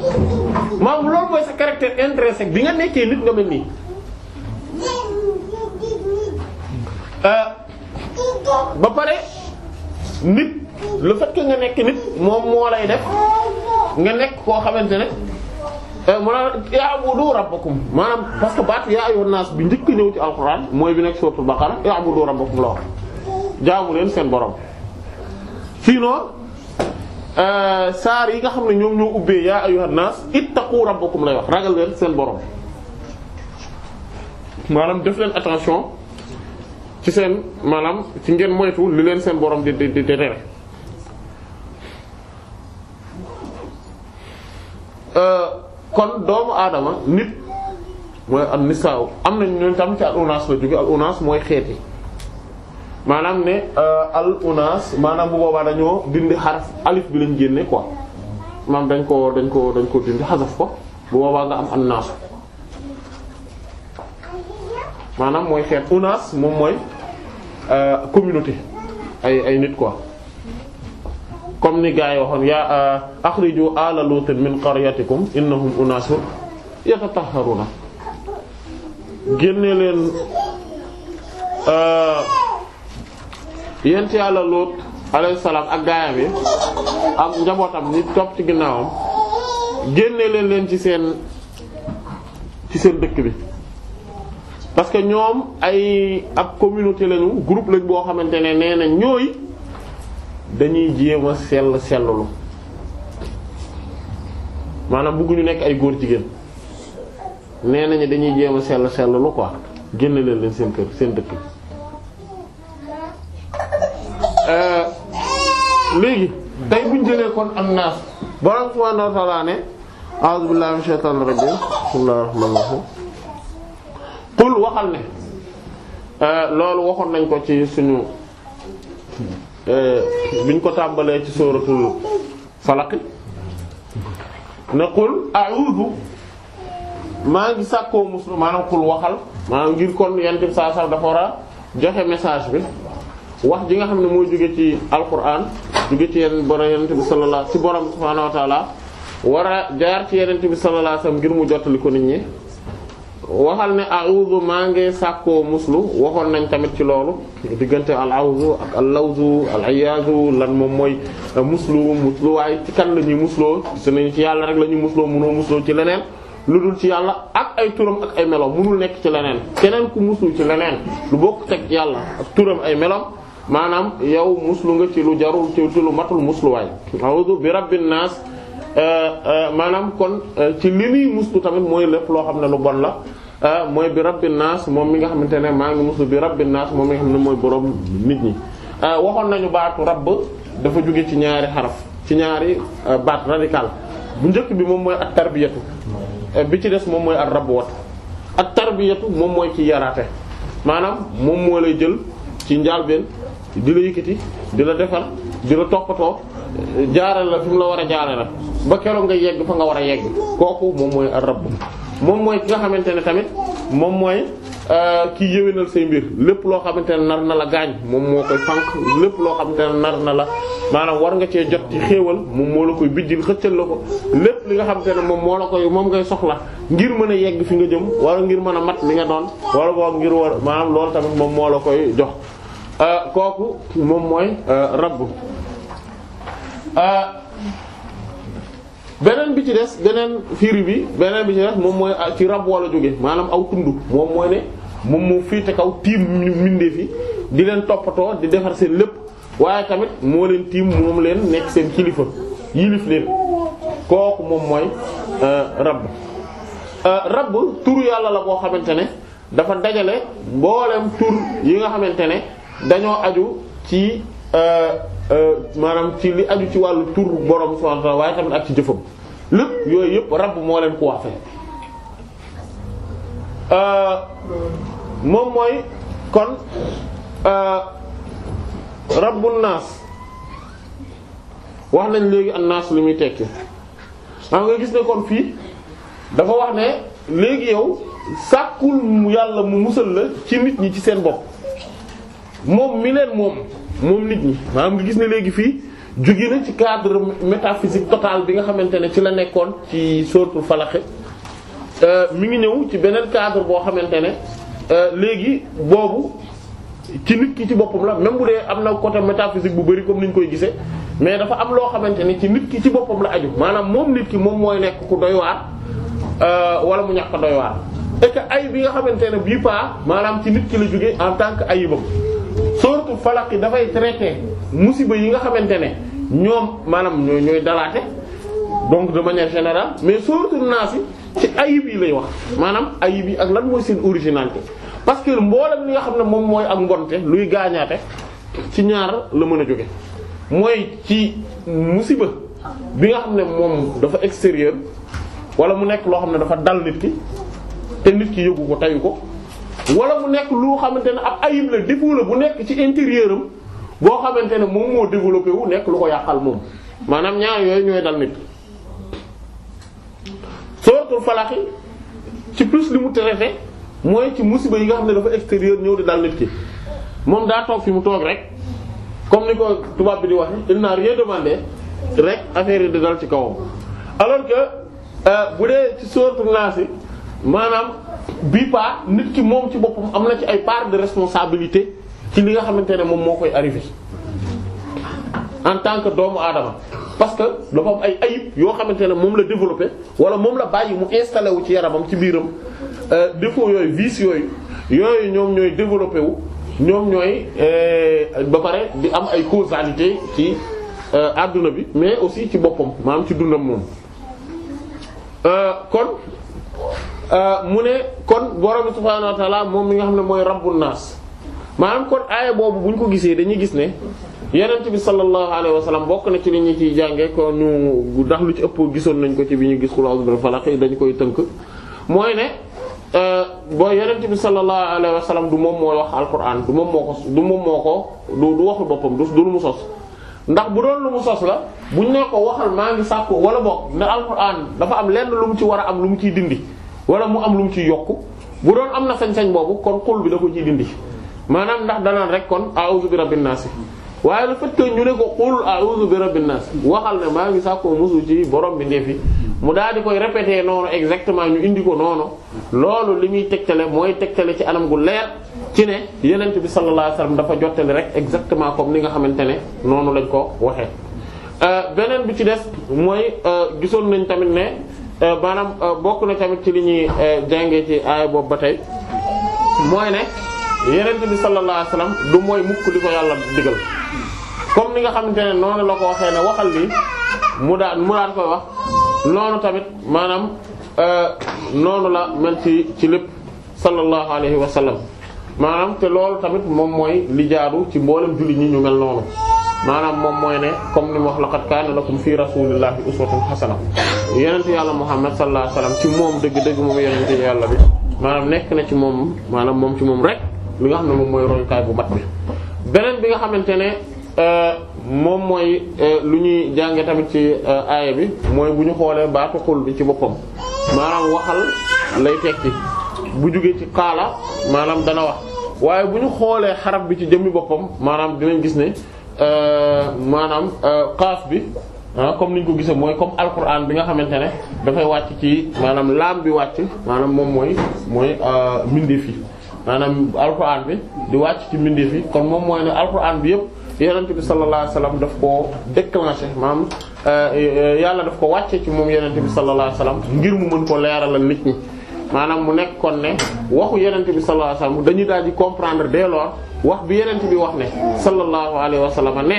maam loolu mooy sa caractère intrinsèque bi nga nekkee nit nga mel nii. Euh, ba pare nit lu fait nga nekk nit moom moo lay def nga nekk koo xamante ne. Euh, mu naan ya'budu rabbakum maanaam parce que baat yaa ayyuhan naas bi njëkk ñëw ci alxuraan mooy bi nekk sourate Baqara ya'budu rabbakum la wax. jaamu leen seen borom sinon euh, saar yi nga xam ne ñoom ñoo ubbee yaa ayyuhan naas ittaqu rabbakum lay wax ragal leen seen borom maanaam def leen attention ci seen maanaam ci ngeen moytu li leen seen borom di di di tere euh, kon doomu aadama nit mooy an nisaaw am nañ ñooñu tam ci al unaas la jóge al mooy xeet yi maanaam ne euh, al unaas maanaam bu boobaa dañoo dindi xaraf alif bi lañ génne quoi maanaam dañ ko dañ ko dañ ko dindi xasaf ko bu boobaa nga am an naasu maanaam mooy xeet unaas moom mooy euh, communauté ay nit ko comme ni gars yi waxoon yaa euh, akhriju ala lutin min qaryatikum innahum unaasun yatatahharuna génne leen yent yàlla Luut alayhi salaam ak gaayam yi ak njabootam ñi topp ci ginnaawam génne leen leen ci seen ci seen dëkk bi parce que ñoom ay ab communauté lañu groupe lañ boo xamante ne nee na ñooy dañuy jéem a sell sellulu maanaam bëgguñu nekk ay góor jigéen nee nañu dañuy jéem a sell sellulu quoi génne leen leen seen kër seen dëkk bi léegi tey buñ ñu jëlee kon am naas borom subhaanahu wa ta'aala ne a'uuzu billaahi mina shaytaani rajiim bismillaahir rahmaanir rahiim qul waxal ne euh, loolu waxoon nañ ko ci suñu euh, biñ ko tàmbalee ci sóoratul falaq ne qul a'uuzu maa ngi sàkkoo muslu maanaam qul waxal maanaam ngir kon yonent bi sallallahu alayhi dafa war a joxe message bi wax ji nga xam ne mooy jóge ci alquran jóge ci yeneen borom yenente bi sallallahu ci borom subhaanahu wa taala war a jaar ci yenente bi sallallahu alayhi wasallam ngir mu jottali ko nit ñi waxal ne a'udhu maa ngi sàkkoo muslu waxoon nañ tamit ci loolu diggante al-awzu ak al-lawzu al-iyaazu lan moom mooy muslu muslu waaye ci kan la ñuy musloo su nañ ci yàlla rek la ñuy musloo mënoo musloo ci leneen lu dul ci yàlla ak ay turam ak ay meloom mënul nekk ci leneen keneen ku muslu ci leneen lu bokk yàlla turam ay meloom maanaam yow muslu nga ci lu jarul ci lu matul musluwaay a'udhu bi rabbin nas euh, euh, maanaam kon euh, ci li muy muslu tamit mooy lépp loo xam ne lu bon la mooy bi rabbin nas moom mi nga xamante ne maa ngi muslu bi rabbin nas moom xam ne mooy borom nit ñi waxoon nañu baatu rabb dafa jóge ci ñaari xaraf ci ñaari baat radical bu njëkk bi moom mooy at tarbiyatu bi ci des moom mooy ak ar rabwatu at tarbiyatu moom mooy ci yaraate maanaam moom moo lay jël ci njàlbeen di la yëkkati di la defal di la toppatoo jaaral la fi mu la war a jaare la ba keroog nga yegg fa nga war a yegg kooku moom mooy ar-rabb moom mooy ki nga xamante ne tamit moom mooy euh, ki yëwénal say mbir lépp loo xamante ne nar na la gaañ moom moo koy fànq lépp loo xamante ne nar na la maanaam war nga cee jot ci xéewal moom moo la koy bijjil xëccal la ko lépp li nga xam te ne moom moo la koy moom ngay soxla ngir mën a yegg fi nga jëm wala ngir mën a mat li nga doon wala ngir war maanaam loolu tamit moom moo la koy jox Euh, kooku moom mooy euh, rabb euh, beneen bi ci des beneen firi bi beneen bi ci des moom mooy ci rab wala jóge maanaam aw tund moom mooy ne moom moo fiite kaw tiim mbindee fi di leen toppatoo di defar seen lépp waaye tamit moo leen tiim moom leen nekk seen kilifa yilif leen kooku moom mooy rab rab turu yàlla la boo xamante ne dafa dajale mboolem tur yi nga xamante ne dañoo aju ci euh, euh, maanaam ci li aju ci wàllu tur borom subhanahu wa ta'ala waaye tamit ak ci jëfam lépp yooyu yëpp rabb moo leen ko waxe euh, moom mooy kon rabbun naas wax nañ léegi an naas li muy tekki xam nga gis ne kon fii dafa wax ne léegi yow sàkkul yàlla mu musal la ci nit ñi ci seen bopp moom mi leen moom moom nit ñi maanaam nga gis ne léegi fii jóge na ci cadre métaphysique total bi nga xamante ne ci la nekkoon ci sóortul falaxe euh, mu ngi ñëw ci beneen cadre boo xamante ne euh, léegi boobu ci nit ki ci boppam la même bu dee am na côté métaphysique bu bari comme ni koy gisee mais dafa am loo xamante ne ci nit ki ci boppam la aju maanaam moom nit ki moom mooy nekk ku doy waar euh, wala mu ñàkk doy waar et que ay bi nga xamante ne bii paa maanaam ci nit ki la jóge en tant que ayibam soo falaq yi dafay traité musiba yi nga xamante ne ñoom maanaam ñooy ñooy dalaate donc de manière générale mais sooratu naas yi ci ayib yi lay wax maanaam ayib yi ak lan mooy seen originalité parce que mboolem li nga xam ne moom mooy ak mbonte luy gaañaate ci ñaar la mën a jóge mooy ci musiba bi nga xam ne moom dafa extérieur wala mu nekk loo xam ne dafa dal nit ki te nit ki yëgu ko tayu ko wala bu nekk lu xamante ne ab ayib la défaut la bu nekk ci intérieur am boo xamante ne moom moo développé wu nekk lu ko yàqal moom maanaam ñaar yooyu ñooy dal nit sooratul falaq ci plus li mu traité mooy ci musiba yi nga xam ne dafa extérieur ñëw di dal nit ki moom daa toog fi mu toog rek comme ni ko tubaab bi di waxe il n'a rien demandé rek affaire yi di dal ci kawam alors que euh, bu dee ci sooratul naas maanaam bii paa nit ki moom ci boppam am na ci ay part de responsabilité ci li nga xamante ne moom moo koy arrivé en tant que doomu aadama parce que dafa am ay ayib yoo xamante ne moom la développé wala moom la bàyyi mu installé wu ci yaramam ci biiram euh, défaut yooyu vice yooyu yooyu ñoom ñooy développé wu ñoom ñooy euh, ba pare di am ay causalité ci euh, àdduna bi mais aussi ci boppam maanaam ci dundam moom kon Euh, mu ne kon borom subhaanahu wa ta'ala moom mi nga xam ne mooy rabbun naas maanaam kon aaya boobu bu ñu ko gisee dañuy gis ne yonent bi sallallahu alayhi wa sallam bokk na ci li ñu ciy jànge ko ñu ndax lu ci ëpp gisoon nañ ko ci bi ñu gis xul a'uuzu bil koy tënk mooy ne euh, boo yonent bi sallallahu du moom mooy wax alquran du moom moo ko du ko du ndax bu doon la buñ ne ko waxal wala boog ne alquran dafa am lenn lu mu ci war a am lu mu ciy dindi wala mu am lu mu ci yokk bu doon am na sañ-sañ boobu kon xul bi da ko ciy dindi maanaam ndax danaan rek kon a'udhu bi rabbin nas waaye le fait que ñu ne ko xul a'udhu bi rabbin nas waxal ne maa ngi sàkkoo musu ci borom bi ndeefi mu daal di koy répéter noonu exactement ñu indi ko noonu loolu li muy tegtale mooy tegtale ci anam gu leer ci ne yenent bi sallallahu alayhi wasallam dafa jottali rek exactement comme ni nga xamante ne noonu lañ ko waxee euh, beneen bi ci des mooy euh, gisoon nañ tamit ne Euh, maanaam euh, bokk na tamit ci li ñuy euh, jàngee ci aaya boobu ba tey mooy ne yeneen bi sallallahu alayhi wasallam du mooy mukk li ko yàlla digal comme ni nga xamante ne noonu la ko waxee ne waxal lii mu daan mu daan koy wax noonu tamit maanaam noonu la mel ci ci lépp sallallahu alayhi wasallam maanaam te loolu tamit moom mooy li jaaru ci mboolem julli ñu mel noonu maanaam moom mooy ne comme ni mu wax laqad kaana lakum fi rasulillahi uswatun hasana yonent yàlla muhammad sallallahu alayhi wasallam ci moom dëgg-dëgg moom yonent yàlla bi maanaam nekk na ci moom maanaam moom ci moom rek li nga xam ne moom mooy royukaay bu mat bi beneen bi nga xamante ne euh, moom mooy euh, lu ñuy jànge tamit ci euh, aaya bi mooy bu ñu xoolee baatu xul bi ci boppam maanaam waxal lay tekki bu jógee ci xaala maanaam dana wax waaye bu ñu xoolee xarab bi ci jëmmi boppam maanaam dinañ gis ne Euh, maanaam euh, xaaf bi ah, comme ñu ko gisee mooy comme alquran bi nga xamante ne dafay wàcc ci maanaam laam bi wàcc maanaam moom mooy mooy euh, mbindeef yi maanaam alquran bi di wàcc ci mbindeef yi kon moom mooy ne alquran bi yëpp yonent bi sallallahu alayhi wasallam daf koo déclenché maanaam yàlla daf ko wàcce ci moom yonent bi sallallahu alayhi wasallam ngir mu mën ko leeralal nit ñi maanaam mu nekk kon ne waxu yonent bi sallallahu alayhi wasallam dañuy daal di comprendre dès lors wax bi yeneen bi wax ne sallallahu alayhi wa sallam ne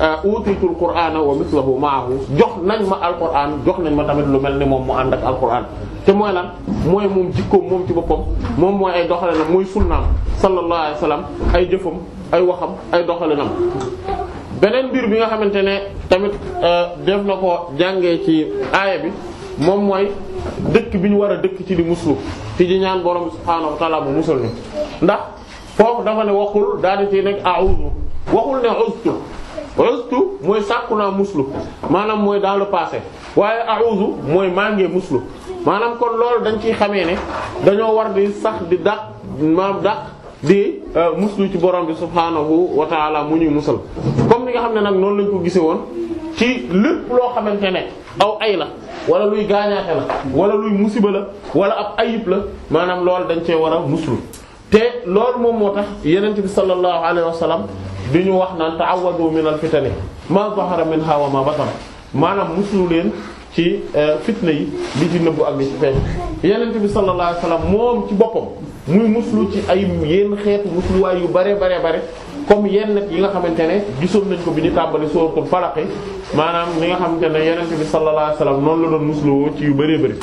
euh, utitul qur'ana wa mithluhu ma'ahu jox nañ ma alquran jox nañ ma tamit lu mel ni moom mu ànd ak alquran te mooy lan mooy moom jikkoom moom ci boppam moom mooy ay doxalinam mooy sunnaam sallallahu alayhi wa ay jëfam ay waxam ay doxalinam. beneen mbir bi nga xamante ne tamit euh, def na ko jàngee ci aaya bi moom mooy dëkk bi ñu war a dëkk ci di muslu ci di ñaan borom subhaanahu wa ta'ala bu musal ni ndax. foofu dafa ne waxul daal di ci nekk a'udhu waxul ne uztu uztu mooy sàkku naa muslu maanaam mooy daal le passé waaye a'udhu mooy maa ngi muslu maanaam kon lool dañ ciy xamee ne dañoo war di sax di dàq maanaam dàq di euh, muslu ci borom bi subhaanahu wa ta'ala mu ñuy musal comme ni nga xam ne nag noonu lañ ko gisee woon ci lépp loo xamante ne aw ay la wala luy gaañaate la wala luy musiba la wala ab ayib la maanaam loolu dañ cee war a muslu te loolu moom moo tax yenent bi sallallahu alayhi wa sallam di ñu wax naan ta'awwadu minal fitani ma zahara minha wa ma batan maanaam muslu leen ci euh, fitna yi li ci nëbbu ak li ci feeñ yenent bi sallallahu alayhi wa sallam moom ci boppam muy muslu ci ay yenn xeet musluwaay yu bare bare bare comme yenn yi nga xamante ne gisoon nañ ko bi ñu tàmbali soo ko falaq maanaam li nga xamante ne yenent bi sallallahu alayhi wa sallam noonu la doon muslu ci yu bëree bëri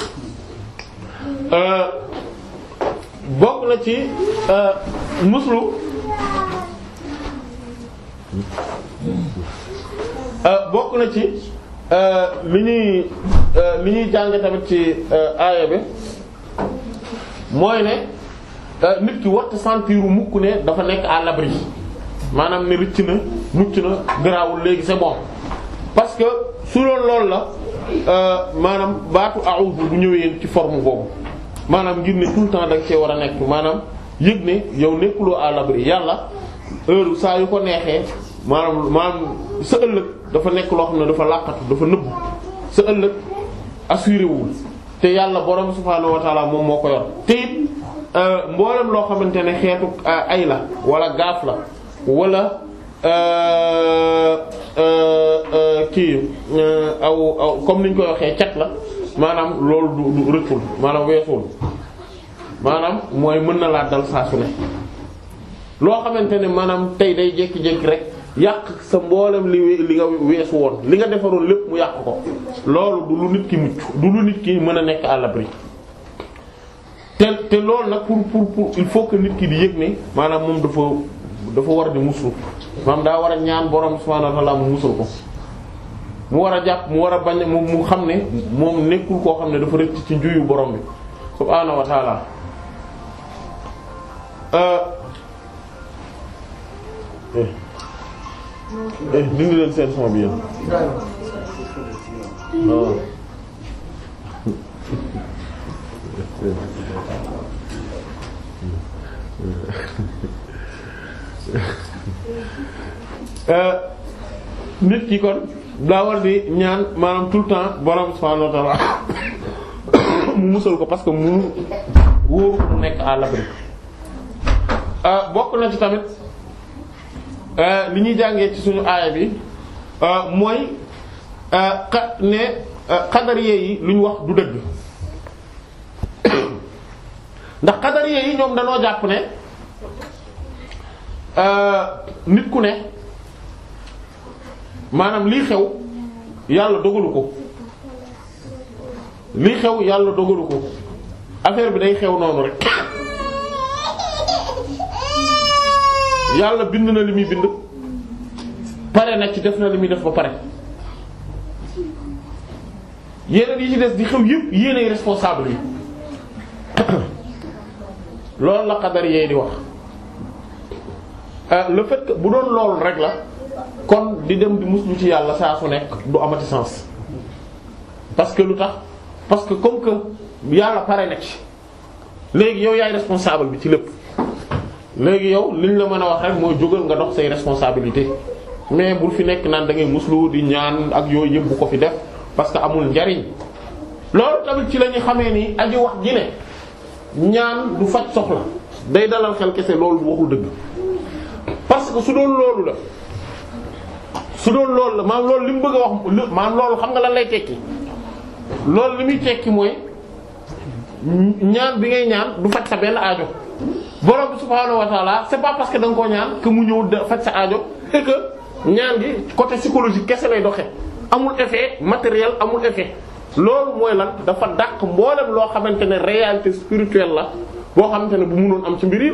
bokk na ci euh, muslu euh, bokk na ci euh, mi ñuy mi ñuy jàng tamit ci aaya bi mooy ne nit ki warta sentiru mukk ne dafa nekk à l'abri maanaam ne rëcc na mucc na garaawul léegi c'est bon parce que su loolu loolu la maanaam baatu a'udhu bu ñëwee ci form boobu maanaam ngir ne tout le temps da nga war a nekk maanaam yëg ne yow nekkuloo à l'abri yàlla heure saa yu ko neexee maanaam maanaam sa ëllëg dafa nekk loo xam ne dafa làqatu dafa nëbbu sa ëllëg assuré wul te yàlla borom subhaanahu wa taala moom moo ko yor te it euh, mboolem loo xamante ne xeetu euh, ay la wala gaaf la wala euh, kii aw aw comme niñ koy waxee cet la maanaam loolu du rëccul maanaam weesuwul maanaam mooy mën na laa dal saa su ne loo xamante ne maanaam tey day jékki-jékki rek yàq sa mboolem li li nga weesu woon li nga defaroon lépp mu yàq ko loolu du lu nit ki mucc du lu nit ki mën a nekk à l'abri te te loolu nag pour pour pour il faut que nit ki di yëg ne maanaam moom dafa dafa war di muslu maam daa war a ñaan borom subhaanahu wa ta'aala mu musul ko. mu war a jàpp mu war a bañ mu xam ne moom nekkul koo xam ne dafa rëcc ci njuyu borom bi subhaanahu wa euh, eh, eh, euh, nit ki kon daa bi di ñaan maanaam tout le temps borom subhaanahu wa mu musal ko parce que mu wóoru mu nekk à l'abri euh, bokk na ci tamit euh, li ñuy jàngee ci suñu aaya bi euh, mooy xa ne xadariye yi lu ñu wax du dëgg ndax xadariye yi ñoom danoo jàpp ne nit ku ne maanaam lii xew yàlla dogalu ko lii xew yàlla dogalu ko affaire bi day xew noonu rek yàlla bind na li muy bind pare na ci def na li muy def ba pare yeneen yi ci des di xew yépp yéenay responsable yi loolu la xadar yeey di wax euh, le fait bu doon loolu rek la kon di dem di muslu ci yàlla saa su nekk du amati sens parce que lu tax parce que comme que yàlla pare na ci léegi yow yaay responsable bi ci lépp léegi yow liñ la mën a wax rek moo jógal nga dox say responsabilité mais bul fi nekk naan da ngay muslu di ñaan ak yooyu yëpp bu ko fi def parce que amul njariñ loolu tamit ci la ñu xamee ni aji wax ji ne ñaan du faj soxla day dalal xel kese loolu waxul dëgg parce su doon loolu la. su doon loolu la maanaam loolu li mu bëgg a wax maanaam loolu xam nga lan lay tekki loolu li muy tekki mooy ñaan bi ngay ñaan du faj sa benn aajo borom bi subhaanahu wa taala c'est pas que da nga koo ñaan que mu ñëw da faj sa aajo et que ñaan gi côté psychologique kese lay doxe amul effet matériel amul effet loolu mooy lan dafa dàq mboolem loo xamante ne réalité spirituelle la boo xamante ne bu mënoon am ci mbiri yi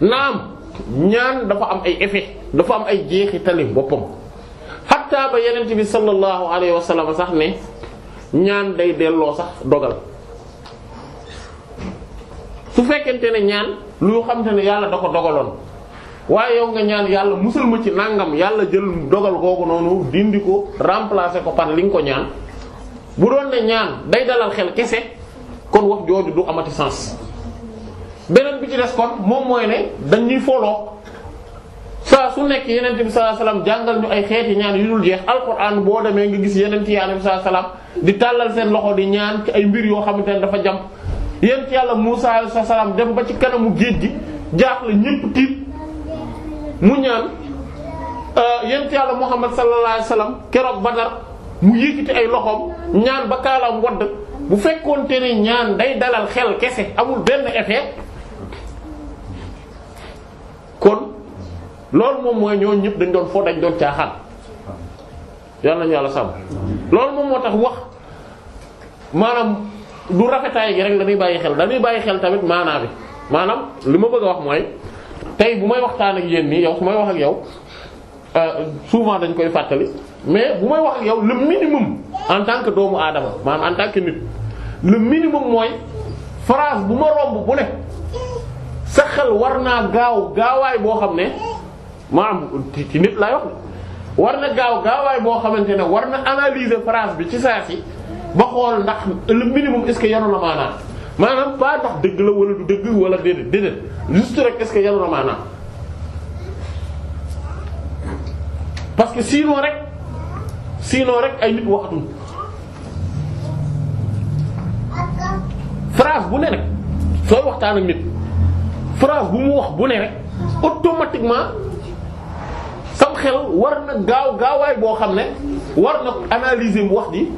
la naam ñaan dafa am ay effet dafa am ay jeexitali boppam xatta ba yenent bi sallallahu alayhi wa sallam sax ne ñaan day delloo sax dogal su fekkente ne ñaan lu xam ne yàlla da ko dogaloon waaye yow nga ñaan yàlla musal ma ci nàngam yàlla jël dogal googu noonu dindi ko remplacer ko par li nga ko ñaan bu doon ne ñaan day dalal xel kese kon wax jooju du amati sens beneen bi ci des kon moom mooy ne dañuy foloo saa su nekk yenent bi sallallahu alayhi wasallam jàngal ñu ay xeeti ñaan yu dul jeex alquran boo demee nga gis yenent yàlla bi sallallahu alayhi di tàllal seen loxo di ñaan ci ay mbir yoo xamante ne dafa jam yenent yàlla Musaa sa salaam dem ba ci kanamu géej gi jaaxle ñépp tiit mu ñaan euh, yenent yàlla Muhammad sallallahu alayhi wasallam keroog Badar mu yëkkati ay loxoom ñaan ba kaalaam wadd bu fekkoonte ne ñaan day dalal xel kese amul benn effet loolu moom mooy ñoo ñëpp dañ doon foo dañ doon caaxaan yal nañu yàlla sàmm loolu moom moo tax wax maanaam du rafetaay gi rek dañuy bàyyi xel dañuy bàyyi xel tamit maanaa bi maanaam li ma bëgg a wax mooy tey bu may waxtaan ak yéen nii yow su may wax ak yow euh, souvent dañ koy fàttali mais bu may wax ak yow le minimum en tant que doomu aadama maanaam en tant que nit le minimum mooy phrase bu ma romb bu ne sa xel war naa gaaw gaawaay boo xam ne maanaam ci nit lay wax war na gaaw gaawaay boo xamante ne war na analyser phrase bi ci saa si ba xool ndax le minimum est-ce que yanu na maanaam maanaam pas ndax dëgg la wala dëgg wala déedéet déedéet juste rek est-ce que yanu na maanaam parce que sinon rek sinon rek ay nit waxatul phrase bu ne rek sooy waxtaan nit phrase bu mu wax bu ne rek automatiquement. sama xel war na gaaw gaawaay boo xam ne war na analyser wax di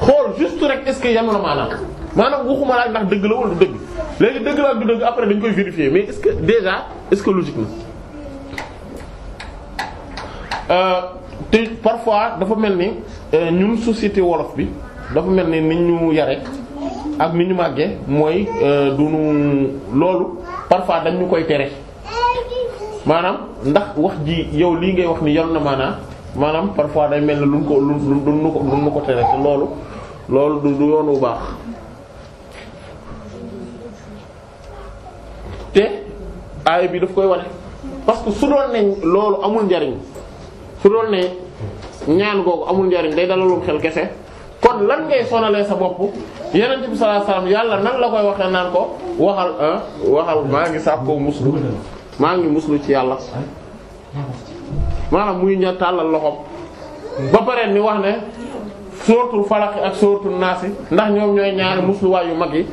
xool juste rek est-ce que yanu na maanaam maanaam waxuma laaj ndax dëgg la wala du dëgg léegi dëgg la ak du dëgg après dañ koy vérifier mais est que déjà est-ce que logique na euh, te parfois dafa mel ni euh, ñun société wolof bi dafa mel ni ni ñu yare ak ni ñu màggee mooy euh, du ñu loolu parfois dañ ñu koy tere maanaam ndax wax ji yow lii ngay wax ni yor na maanaam maanaam parfois day mel ne luñ ko luñ luñ ko luñ ko tere te loolu loolu du du yoon wu baax te aay bi daf koy wane parce que su doon ne loolu amul njariñ su doon ne ñaan googu amul njariñ day dalalum xel kese kon lan ngay sonalee sa bopp yeneen bi sallallahu alayhi yàlla nan la koy waxee naan ko waxal waxal maa ngi mus muslu maa ngi muslu ci yàlla maanaam muy ña tàllal loxoom ba pare ni wax ne sóortul falaxi ak sóortul naasi ndax ñoom ñooy ñaari musluwaay yu mag yi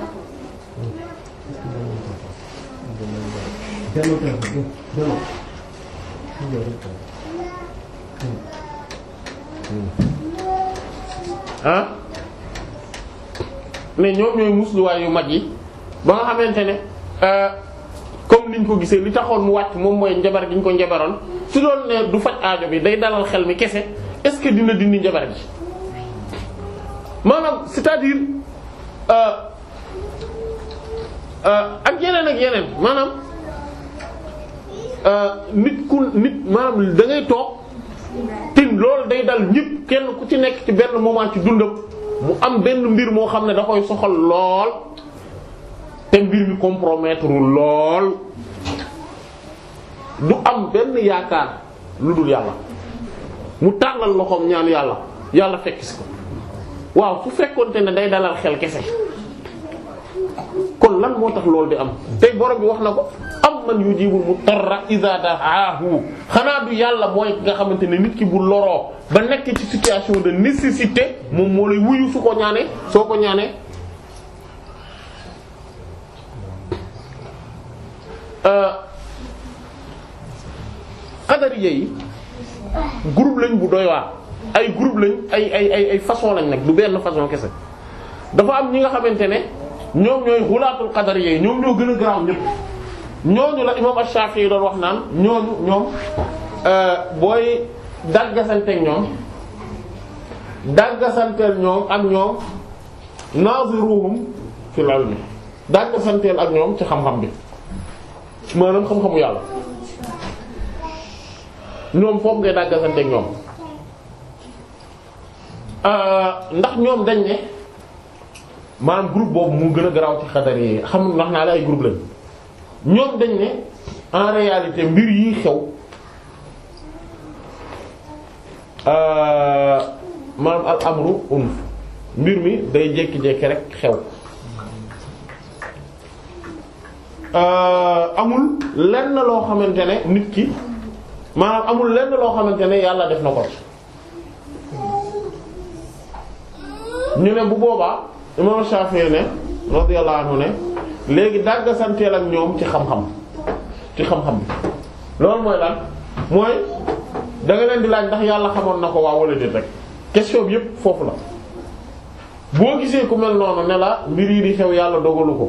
ah mais ñoom ñooy musluwaay yu mag yi ba nga xamante ne euh, comme niñ ko gisee li taxoon mu wàcc moom mooy njabar gi ñu ko njabaroon su doon ne du faj aajo bi day dalal xel mi kese est-ce que dina dindi njabar gi maanaam cest à euh, euh, ak yeneen ak yeneen maanaam euh, nit ku nit maanaam da ngay toog te loolu day dal ñëpp kenn ku ci nekk ci benn moment ci dundam mu am benn mbir moo xam ne da koy soxal lool. te mbir mi compromettre lool du am benn yaakaar lu dul yàlla mu tàngal loxoom ñaan yàlla yàlla fekk si ko waaw su fekkonte ne day dalal xel kese kon lan moo tax loolu di am tey borom bi wax na ko am man yujibul mutarra iza da'ahu xanaa du yàlla mooy nga xamante ne nit ki bu loroo ba nekk ci situation de nécessité moom moo lay wuyu su ko ñaanee soo ko ñaanee Euh, qadariya yi groupe lañ bu doy waa ay groupe lañ ay ay ay ay façon lañ nag du benn façon kese dafa am ñi nga xamante ne ñoom ñooy xulaatul qadariya yi ñoom ñoo gën a garaaw ñëpp ñooñu la imam ash yi doon wax naan ñooñu ñoom euh, booy dàggasanteeg ñoom dàggasanteel ñoom ak ñoom naziruhum fil ilmi dàggasanteel ak ñoom ci xam-xam bi maanaam xam-xamu yàlla ñoom foofu ngay dàggasante ñoom euh, ndax ñoom dañ ne maanaam groupe boobu mu gën a garaaw ci xadar yi xam ndax naa la ay groupe lañ ñoom dañ ne en réalité mbir yi xew euh, maanaam al amru um mbir mi day jékki-jékki rek xew Euh, amul lenn loo xamante ne nit ki maanaam amul lenn loo xamante ne yàlla def na ko ñu ne bu boobaa imam Shafi'i ne radiyallahu anhu ne léegi dàgg santeel ak ñoom ci xam-xam ci xam-xam loolu mooy lan mooy da leen di laaj ndax yàlla xamoon na ko waa wala déet rek question bi yépp foofu la boo gisee ku mel noonu ne la mbir yi di xew yàlla dogalu ko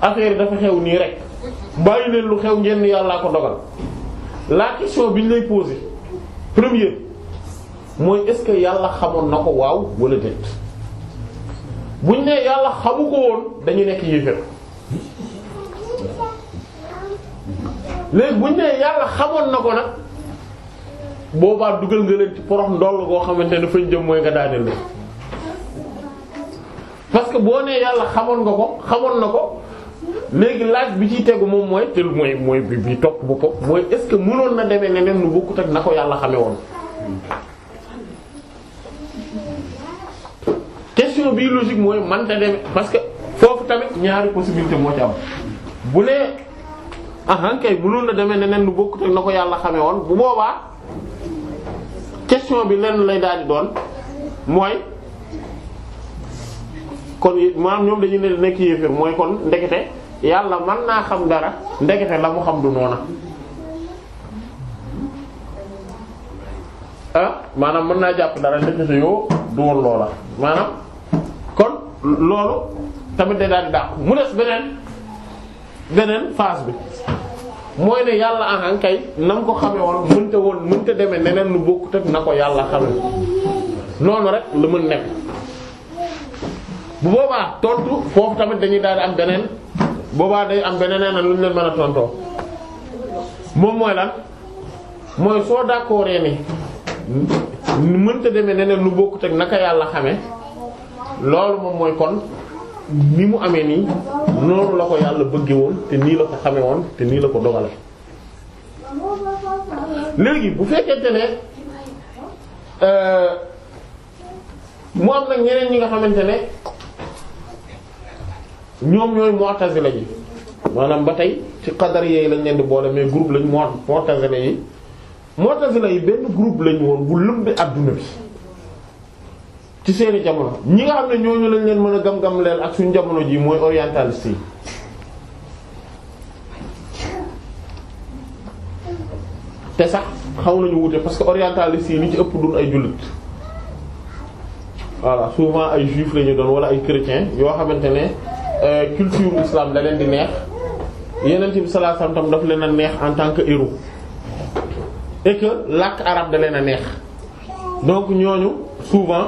affaire yi dafa xew nii rek bàyyi leen lu xew ngeen yàlla ko dogal la question bi ñu lay poser premier mooy est-ce que yàlla xamoon na ko waaw wala déet buñ nee yàlla xamu ko woon nekk yéefér buñ nee yàlla xamoon na ko nag boobaa dugal nga leen ci porox ndoll koo xamante ne fañ jëm mooy nga daaneel la parce que boo nee yàlla xamoon nga ko xamoon na ko léegi laaj bi ciy tegu moom mooy te mooy mooy bi bi topp boppam mooy est-ce que mënoon na demee neneen lu bokkut ak na ko yàlla xamee woon. question man ta parce que foofu tamit ñaari possibilité moo ci am bu nee ahan kay mënoon na lu bokkut na ko yàlla xamee woon bu boobaa question bi lenn lay daal di doon mooy. kon it maanaam ñoom dañu ne nekk yéefir mooy kon ndekete yàlla man naa xam dara ndegete la mu xam du noona ah maanaam mën naa jàpp dara ndekete yoo du woon loola maanaam kon loolu tamit day daal di dàqu mu des beneen beneen phase bi mooy ne yàlla ahan kay na mu ko xame woon mënta woon mënta demee neneen lu bokkut ak na ko yàlla xame noonu rek lu mën nekk bu boobaa tontu foofu tamit dañuy daal di am beneen boobaa day am beneen na lu ñu mën a tontoo moom mooy lan mooy soo d'accord ni mënta demee neneen lu bokkut ak naka yàlla xame loolu moom mooy kon ni mu amee nii noonu la ko yàlla bëggee woon te nii la ko xamee woon te nii la ko dogale léegi bu fekkente ne euh, mu am nag ñeneen ñi nga xamante ne ñoom ñooy mu'tazila yi maanaam ba tey ci qadar yi lañ leen di boole mais groupe lañ mu mu'tazila yi mu'tazila yi benn groupe lañ woon bu lëmbe adduna bi ci seeni jamono ñi nga xam ne ñooñu lañ leen mën a gam-gam leen ak suñ jamono ji mooy orientaliste yi te sax xaw nañu wute parce que orientaliste yi li ci ëpp dun ay jullit voilà souvent ay juif lañu doon wala ay chrétiens yoo xamante ne Euh, culture islam da leen di neex yeneen bi sallallahu alayhi wasallam daf leen a neex en tant que héros et que làkk arabe da leen a neex donc ñooñu souvent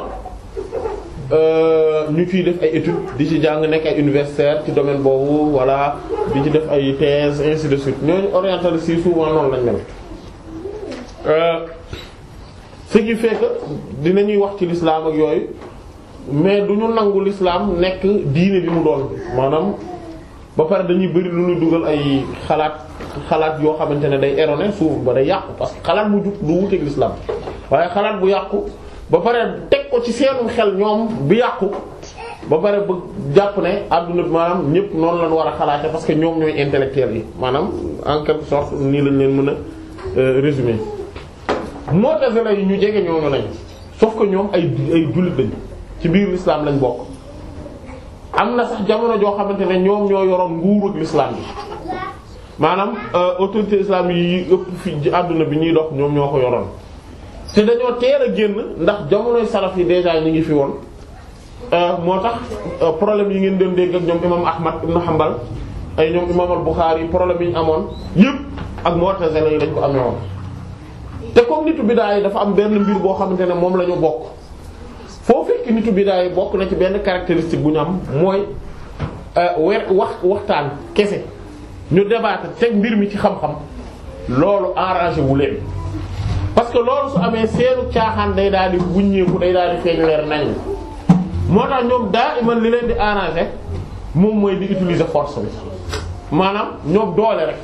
euh, ñu ciy def ay études di ci jàng nekk ay universitaire ci domaine boobu voilà di ci def ay thèse ainsi de suite ñooñu orientalistes si souvent noonu lañ mel euh, ce qui fait que dinañuy wax ci lislaam ak yooyu mais du ñu nangu l'islam nekk diine bi mu doon maanaam ba pare dañuy bëri lu ñuy dugal ay xalaat xalaat yoo xamante ne day erroné suuf ba day yàqu parce que xalaat bu jub du wuteeg l'islam waaye xalaat bu yàqu ba pare teg ko ci seenum xel ñoom bi yàqu ba pare ba jàpp ne àdduna bi maanaam ñëpp noonu lañ war a xalaate parce que ñoom ñooy intellectuels yi maanaam en quelque sorte nii lañ leen mën a euh, moo Mu'tazila yi ñu jege ñooñu lañ sauf ko ñoom ay ay ci biir l'islam lañ bokk am na sax jamono joo xamante ne ñoom ñoo yoroon nguur ak l'islam bi maanaam euh, autorité islam yi ëpp fi ci àdduna bi ñuy dox ñoom ñoo ko yoroon te dañoo teel a génn ndax jamonoy salaf yi déjà ñu ngi fi woon euh, moo tax euh, problème yi ngeen doon dégg ak ñoom imam Ahmad ibn Hanbal ay ñoom imam al-Bukhari problème yi ñu amoon yëpp ak Mu'tazila yi lañ ko amee woon te comme bi daa yi dafa am benn mbir boo xamante ne moom lañu ñu bokk foo fekk nitu bidaa yi bokk na ci benn caractéristique bu ñu mooy euh, weer wax waxtaan kese ñu débattre teg mbir mi ci xam-xam loolu arrangé wu leen parce que loolu su amee seenu caaxaan day daal di wuññeeku day daal di feeñ leer nañ moo tax ñoom daa iman li leen di arrangé moom mooy di utilise force bi maanaam ñoom doole rek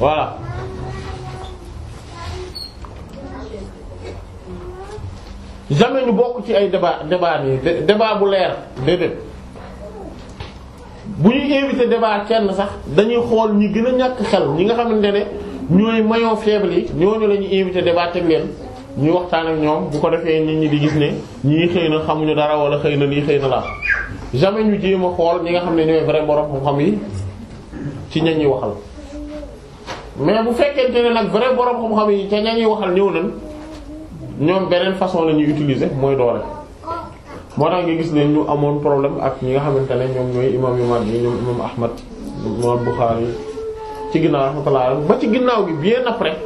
voilà jamais ñu bokk ci ay débat débat nii débat bu leer déedéet bu ñuy invité débat kenn sax dañuy xool ñi gën a ñàkk xel ñi nga xamante ne ñooy mayoo faible yi ñooñu la ñuy invité débat teg leen ñuy waxtaan ak ñoom bu ko defee nit ñi di gis ne ñii xëy na xamuñu dara wala xëy na lii xëy na laa jamais ñu jéem xool ñi nga xam ne ñooy vrai borom xam-xam yi ci ña ñuy waxal mais bu fekkente ne nag vrai borom xam-xam yi ca ña waxal ñëw nañ. ñoom beneen façon la ñuy utiliser mooy doole moo tax nga gis ne ñu amoon problème ak ñi nga xamante ne ñoom ñooy imam yu mag yi ñoom imam Ahmad imam Bukhari ci ginnaaw rahmatullah ba ci ginnaaw gi bien après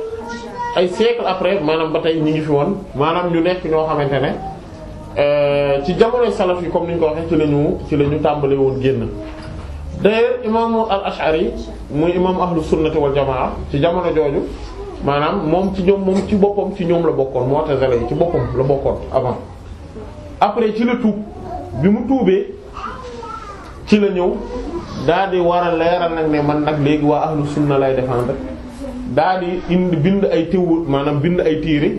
ay siècle après maanaam ba tey ñu ngi fi woon maanaam ñu nekk ñoo xamante ne euh, ci jamonoy salaf yi comme ni ko waxee ci la ñu ci la ñu tàmbale woon génn d'ailleurs imam al-Ash'ari muy imam ahlu sunnati wal jamaa ci jamono jooju maanaam moom ci ñoom moom ci boppam ci ñoom la bokkoon moo tax zale yi ci boppam la bokkoon avant après ci la tuub bi mu tuubee ci la ñëw daal di war a leeral nag ne man nag léegi waa ahlu sunna lay défendre daal di indi bind ay téwu maanaam bind ay tiire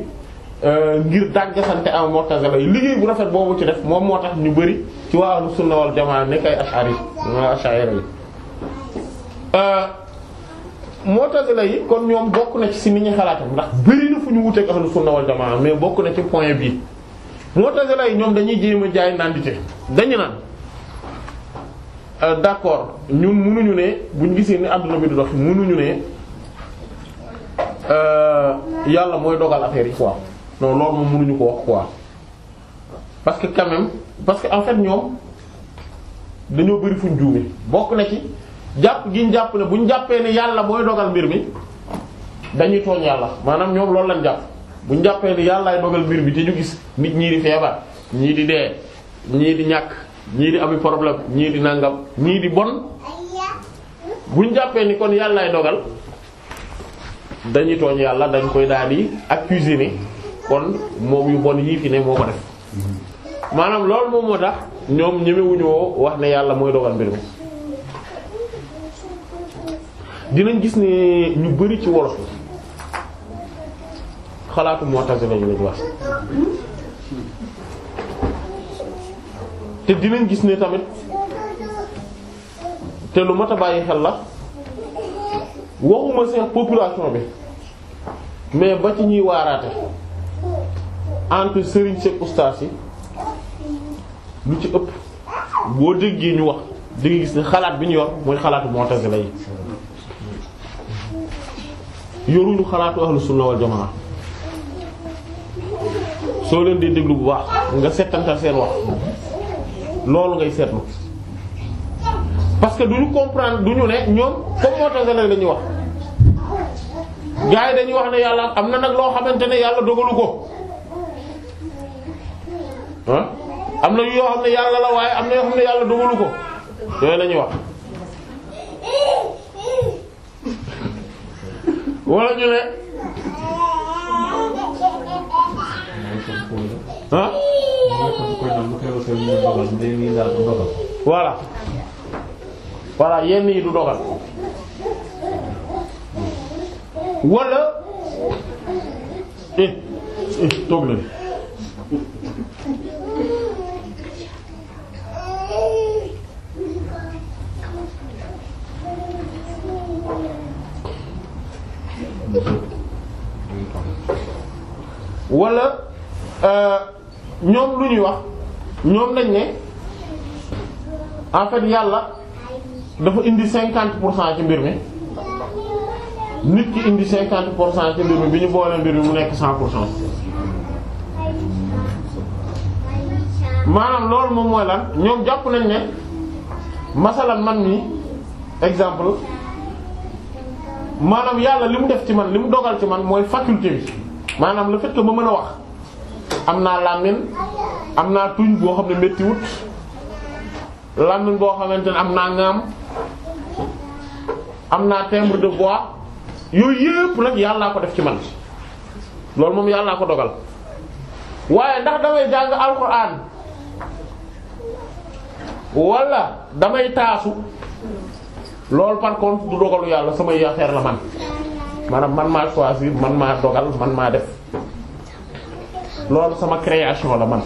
euh, ngir dàggasante am mu'tazila yi liggéey bu rafet boobu ci def moom moo tax ñu bëri ci waa ahlu sunna wal jamaa nekk ay ash'ari wala ash'ari yi euh, mu'tazila yi kon ñoom bokk na ci si ni ñuy xalaatam ndax bëri na fu ñu wuteek ahlu sunna wal jamaa mais bokk na ci point bii mu'tazila yi ñoom dañuy jéem a jaay nandite dañu naan euh, d'accord ñun mënuñu ne buñ gisee ni àdduna bi du dox mënuñu ne euh, yàlla mooy dogal affaire yi quoi non loolu moom mënuñu ko wax quoi parce que quand même parce que en fait ñoom dañoo bëri fuñ juume bokk na ci jàpp gi ñu ne bu ñu jàppee ne yàlla mooy dogal mbir mi dañuy tooñ yàlla maanaam ñoom loolu lañ jàpp bu ñu jàppee ne yàllaay dogal mbir bi te ñu gis nit ñii di feebar ñii di dee ñii di ñàkk ñii di ami problème ñii di nangam ñii di bon bu ñu jàppee ni kon yàllaay dogal dañuy tooñ yàlla dañ koy daal di accuser ni kon moom yu bon yii fi ne moo ko def maanaam loolu moom moo tax ñoom woo wax ne yàlla mooy dogal mbir mi. dinañ gis ne ñu bari ci wolof xalaatu mu'tazila lay lañ wax te dinañ gis ne tamit te lu mat a bàyyi xel la waxuma seen population bi mais ba ci ñuy waaraate entre sëriñ seeg ustaas yi lu ci ëpp boo déggee ñu wax di gis ne xalaat bi ñu yor mooy xalaatu mu'tazila yi yoruñu xalaatu ahlu sunna wal jamaa soo leen di déglu bu baax nga settantal seen wax loolu ngay seetlu parce que duñu comprendre duñu ne ñoom comme moo tax la lañuy wax gars yi dañuy wax ne yàlla am na nag loo xamante ne yàlla dogalu ko ah am na yoo xam ne yàlla la waaye am na yoo xam ne yàlla dogalu ko yooyu la ñuy wax wala ñu ne ah voilà voilà yenn yi du dogal wala eh eh toog wala euh, ñoom lu ñuy wax ñoom lañ ne en fait yàlla dafa indi cinquante pour cent ci mbir mi nit ki indi cinquante pour cent ci mbir mi bi ñu boole mbir mi mu nekk cent pour cent maanaam loolu moom mooy lan ñoom jàpp nañ ne masalan man mi exemple maanaam yàlla li mu def ci man li mu dogal ci man mooy faculté bi maanaam le fait que mën a wax am naa làmmiñ am naa tuñ boo xam ne méttiwut làmmiñ boo xamante ne am naa ngaam am naa timbre de voix yooyu yépp nag yàllaa ko def ci man loolu moom yàllaa ko dogal waaye ndax damay jàng alxuraan walla damay taasu loolu par contre du dogalu yàlla samay affaire la man maanaam man maa choisir man maa dogal man maa def loolu sama création la man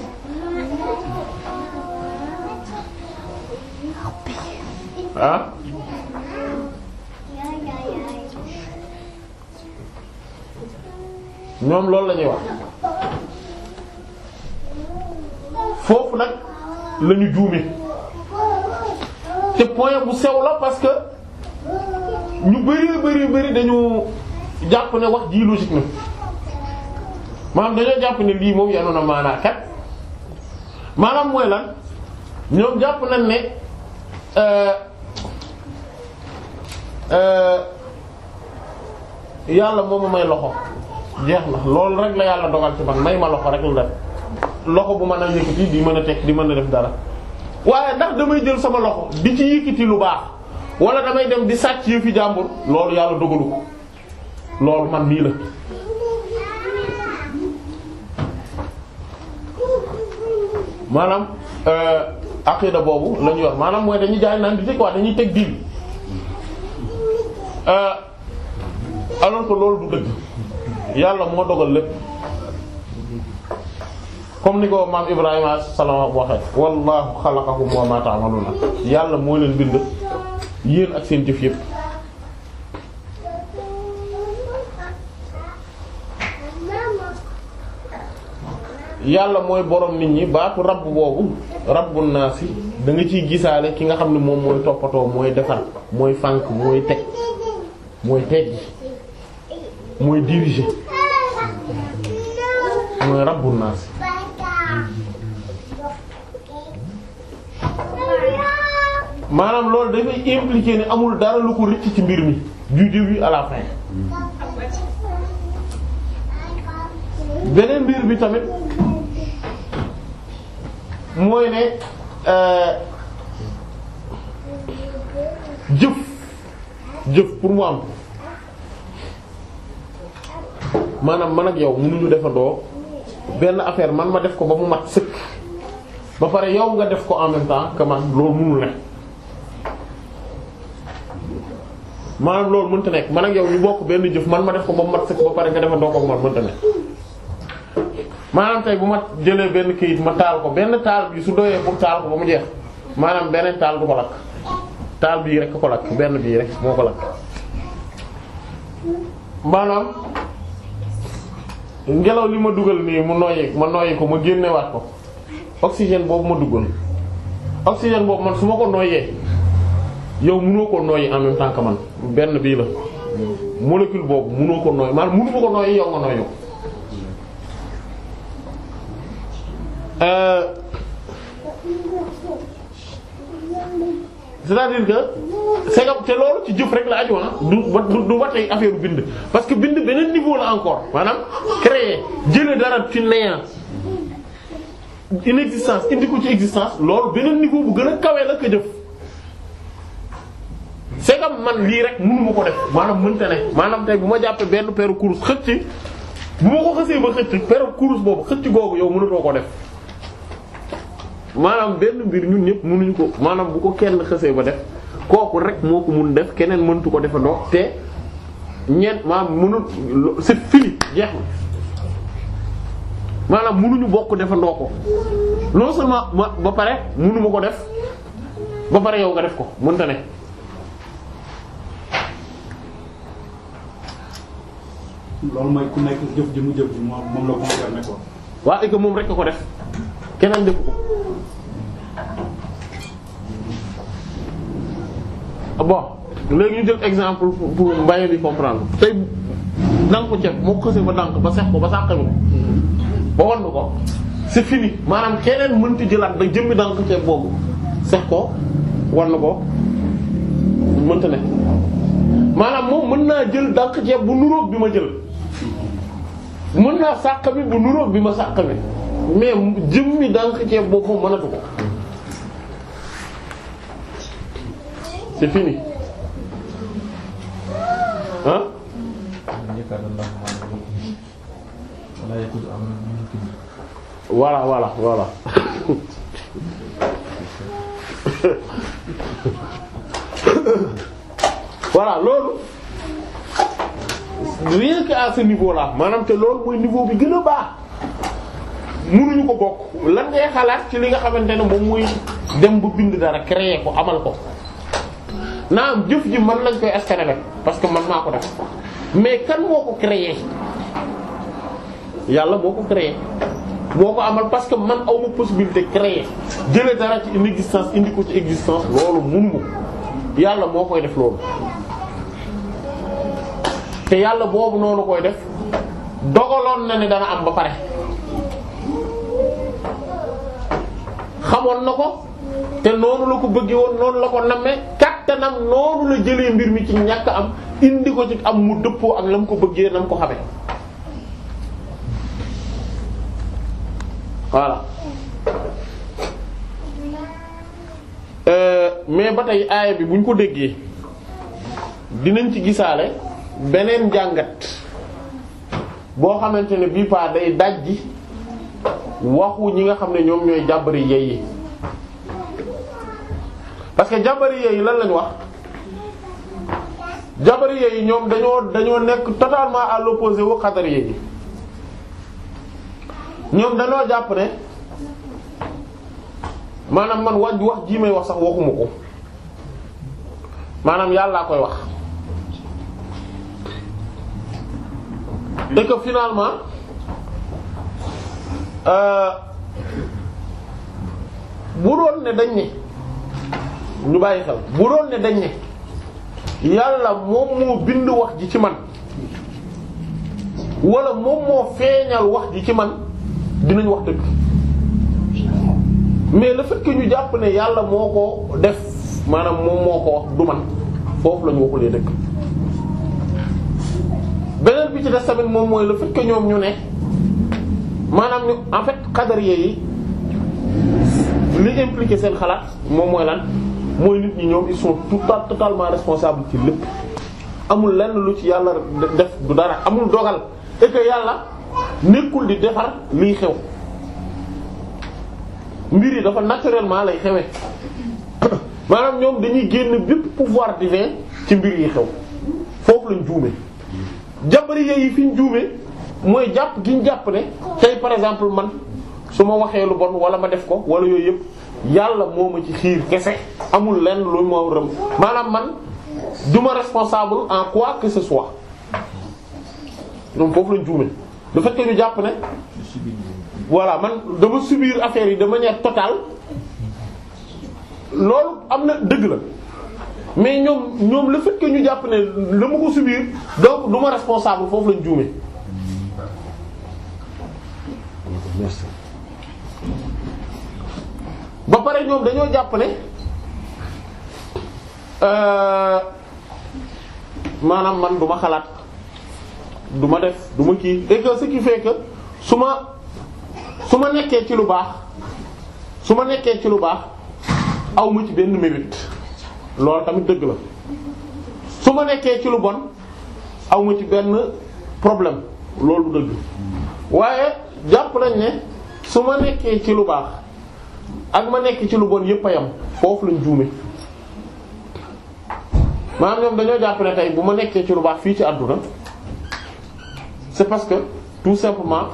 ah ñoom loolu lañuy wax foofu nag la juume te point bu sew la parce ñu bari yu bari dañu jàpp ne wax ji logique na maanaam dañoo jàpp ne lii moom yanoon a maanaa kat maanaam mooy lan ñoom jàpp nañ ne euh, euh, yàlla moom may loxo jeex na loolu rek la yàlla dogal ci man may ma loxo rek la def loxo bu mën a yëkkati di mën a teg di mën a def dara waaye ndax damay jël sama loxo di ci yëkkati lu baax wala damay dem di sàcc yëfi jàmbur loolu yàlla dogalu ko loolu man nii la maanaam euh, aqida boobu la ñu yor maanaam mooy dañuy jaay naan di teg quoi dañuy teg diin euh, alors que loolu du dëgg yàlla moo dogal lépp comme ni ko maam Ibrahima salama waxee wallahu xalaqakum wa ma ta'maluna yàlla moo leen bind yéen ak seen jëf yépp yàlla mooy borom nit ñi baatu rabb boobu rabbu naas yi da ciy gisaale ki nga xam ne moom mooy toppatoo mooy defar mooy fànk mooy teg mooy teggi mooy diriger mooy rabbu naas maanaam loolu dafay impliquer ne amul dara lu ko rëcc ci mbir mi du début à la beneen mbir mi tamit mooy ne euh, jëf jëf pour mu am maanaam man ak yow mënuñu defandoo benn affaire man ma def ko ba mu mat sëkk ba pare yow nga def ko en même temps que loolu mënul ne maanaam loolu mënta nekk man ak yow ñu bokk benn jëf man ma def ko ba mat sëkk ba pare nga defa dookook man mënta nekk maanaam tey bu ma jëlee benn kayit ma taal ko benn taal bi su doyee pour taal ko ba mu jeex maanaam beneen taal du ko lakk taal bii rek ko lakk benn bii rek moo ko lakk li ma dugal nii mu noyyi ma noyyi ko ma génnewaat ko boobu ma duggoon oxygène boobu man su ma ko noyyee yow mënoo koo noyyi en même que man benn bii la molécule boobu mënoo ko nooy maanaam mënu ko nooy yow nooy yow euh, c'est-à-dire que c'est que te loolu ci jëf rek la aju ah du du watee affaire bind parce que bind beneen niveau la encore maanaam créer jële dara ci néant inexistence indi ko ci existence loolu beneen niveau bu gën a kawe la ko c'est comme man lii rek mënu ma ko def maanaam mënta ne maanaam tey bu ma jàppee benn peeru kurus xëcc bu ma ko xësee ba xëcc peeru kurus boobu xëcc googu yow mënatoo ko def maanaam benn mbir ñun ñëpp mënuñu ko maanaam bu ko kenn xësee ba def kooku rek moo ko mun def keneen mëntu ko defandoo te ñeent maanaam mënul c'est fii jeex na maanaam mënuñu bokk defandoo ko non seulement ma ba pare mënu ma ko def ba pare yow nga def ko mënta ne. loolu mooy ku nekk jëf ji jëf ji moom la concerné ko. waaw et que moom rek ko def keneen def ko. Ah bon léegi ñu jël exemple pour mbay di comprendre tey dànk ko ceeb moo xëse ba dànk ba sex ko ba sàqal ko ba won ko c'est fini maanaam keneen mënti jëlaat da jëmmi dank ceeb boobu sex ko won ko mënta ne maanaam moom mën naa jël dànk ceeb bu nuroog bi ma jël mën naa sàq bi bu nuróog bi ma sàq bi mais jëmmi dànk ceeb boppam mënatu ko c'est fini ah. voilà voilà voilà voilà loolu. rien que à ce niveau là maanaam te loolu mooy niveau bi gën a baax mënuñu ko bokk lan ngay xalaat ci li nga xamante ne moom mooy dem ba bind dara créer ko amal ko naam jëf ji man lañ koy askanale parce que man maa ko def mais kan moo ko créer yàlla boo ko créer boo ko amal parce que man aw ma possibilité créer jële dara ci inexistence indi ko ci existence loolu mënu ma yàlla moo koy def loolu te yàlla boobu noonu koy def dogaloon na ne dana am ba pare xamoon na ko te noonu la ko bëggee woon noonu la ko nammee kattanam noonu la jëlee mbir mi ci ñàkk am indi ko ci am mu dëppoo am la mu ko bëggee na mu ko xamee voilà euh, mais ba tey aaya bi bu ñu ko déggee dinañ ci gisaale beneen jàngat boo xamante ne bii paa day dajji waxu ñi nga xam ne ñoom ñooy jàbari yeyi parce que jàbari yi lan lañ wax jàbari yeyi ñoom dañoo dañoo nekk totalement à l'opposé wu xadari yeyi ñoom dañoo jàpp ne maanaam man waj wax jii may wax sax waxuma ko maanaam yàllaa koy wax et ko finalement euh, bu doon ne dañ ne ñu bàyyi xel bu doon ne dañ ne yàlla moom moo bind wax ji ci man wala moom moo feeñal wax ji ci man dinañ wax dëgg mais le fait ñu jàpp ne yàlla moo ko def maanaam moom moo ko wax du man foofu la ñu waxulee dëgg. ci des tamit moom mooy le fait que ñoom ñu ne maanaam ñu en fait qadariyé yi li impliqué seen xalaat moom mooy lan mooy nit ñi ñoom ils sont tout totalement responsables ci lépp amul lenn lu ci yàlla def du dara amul dogal et que yàlla nekkul di defar liy xew mbir yi dafa naturellement lay xewee maanaam ñoom dañuy génn bépp pouvoir divin ci mbir yi xew foofu lañ juume jabriya yi fi ñu juumee mooy jàpp gi ñu jàpp ne tey par exemple man su ma waxee lu bon wala ma def ko wala yooyu yëpp yàlla moo ma ci xiir kese amul lenn lu ma rëm maanaam man duma ma responsable en quoi que ce soit donc foofu lañ juumee le fait que jàpp ne voilà man dama subir affaire yi de manière totale loolu am na dëgg la. mais ñoom ñoom le fait ñu jàpp ne la mu ko subir donc du ma responsable foofu lañ juume ba pare ñoom dañoo jàpp ne euh, maanaam man du ma xalaat duma def du ma kii et que ce qui su ma su ma nekkee ci lu baax su ma nekkee ci lu baax aw ma ci benn mébét loolu tamit dëgg la su ma nekkee ci lu bon aw ma ci benn problème loolu dëgg waaye jàpp nañ ne su ma nekkee ci lu baax ak ma nekk ci lu bon yépp a yam foofu lañ juume maanaam ñoom dañoo jàpp ne tey bu ma nekkee ci lu baax fii ci àdduna c'est parce que tout simplement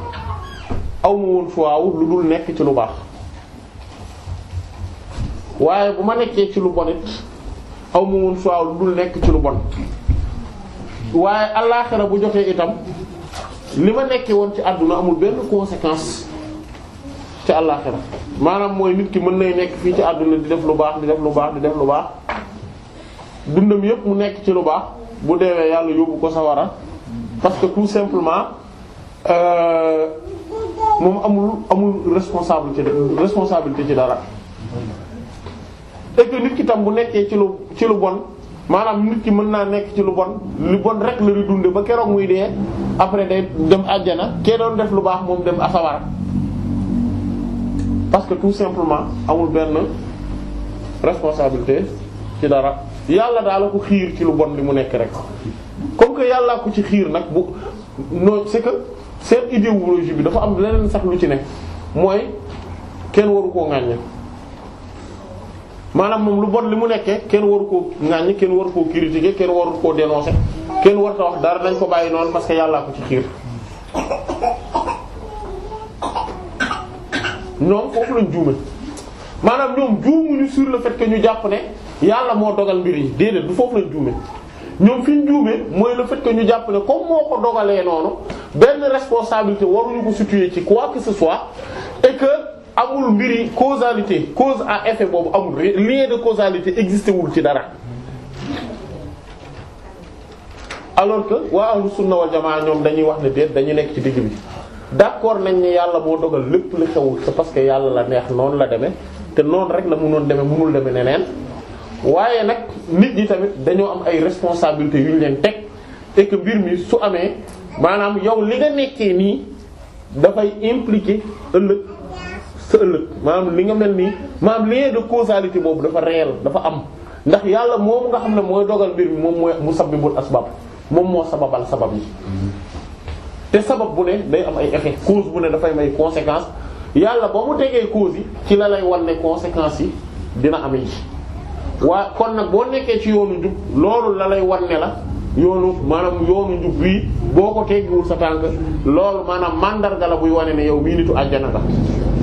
aw ma woon foawu lu dul nekk ci lu baax waaye bu ma nekkee ci lu bon aw ma woon choix lu dul nekk ci lu bon waaye allaaxira bu joxee itam li ma nekkee woon ci àdduna amul benn conséquence ci allaaxira maanaam mooy nit ki mën nay nekk fii ci àdduna di def lu baax di def lu baax di def lu baax dundam yépp mu nekk ci lu baax bu deewee yàlla yóbbu ko sa sawara parce que tout simplement euh, moom amul amul responsabilité responsabilité ci dara et nit ki tam bu nekkee ci lu ci lu bon maanaam nit ki mën naa nekk ci lu bon lu bon rek la di dunde ba keroog muy dee après day dem àjjana kee def lu baax moom dem asawara parce que tout simplement amul benn responsabilité ci dara yàlla daal la ko xiir ci lu bon li mu nekk rek comme que yàllaa ko ci xiir nag bu non c'est que seen bi dafa am leneen sax lu ci ne mooy kenn waru koo ŋàññe maanaam moom lu bon li mu nekkee kenn waru koo ŋàññ kenn waru koo critiquer kenn waru koo dénoncer kenn warta wax dara nañ ko bàyyi noonu parce que yàllaa ko ci xiir ñoom foofu lañ juume maanaam ñoom juumuñu sur le fait que ñu jàpp ne yàlla moo dogal mbir yi déedéet du foofu lañ juume ñoom fi ñu juumee mooy le fait ñu jàpp ne comme moo ko dogalee noonu benn responsabilité waruñu ko situer ci quoi que ce soit et amul mbiri causalité cause à effet boobu amul lien de causalité existé wul ci dara alors que waa ahlu sunna wal jamaa ñoom dañuy wax ne déet dañu nekk ci digg bi d'accord nañ ne yàlla boo dogal lépp li xewul c'est parce que yàlla la neex noonu la demee te noonu rek la mënoon demee mënul demee neneen waaye nag nit ñi tamit dañoo am ay responsabilité yu ñu leen teg et mbir mi su amee maanaam yow li nga nekkee nii dafay impliquer ëllëg. sa ëllëg maanaam li nga mel nii maanaam lien de causalité boobu dafa réel dafa am ndax yàlla moom nga xam ne mooy dogal mbir mi moom mooy mu musabbibul asbab moom moo sababal sabab yi mhm. te sabab bu ne day am ay effet cause bu ne dafay may conséquence yàlla ba mu tegee cause yi ci la lay wan ne conséquence yi dina am yi waa kon nag boo nekkee ci yoonu jub loolu la lay wan ne la yoonu maanaam yoonu njub boo ko teggiwul sa tànk loolu maanaam mandarga la buy wane ne yow mii nitu àjjana nga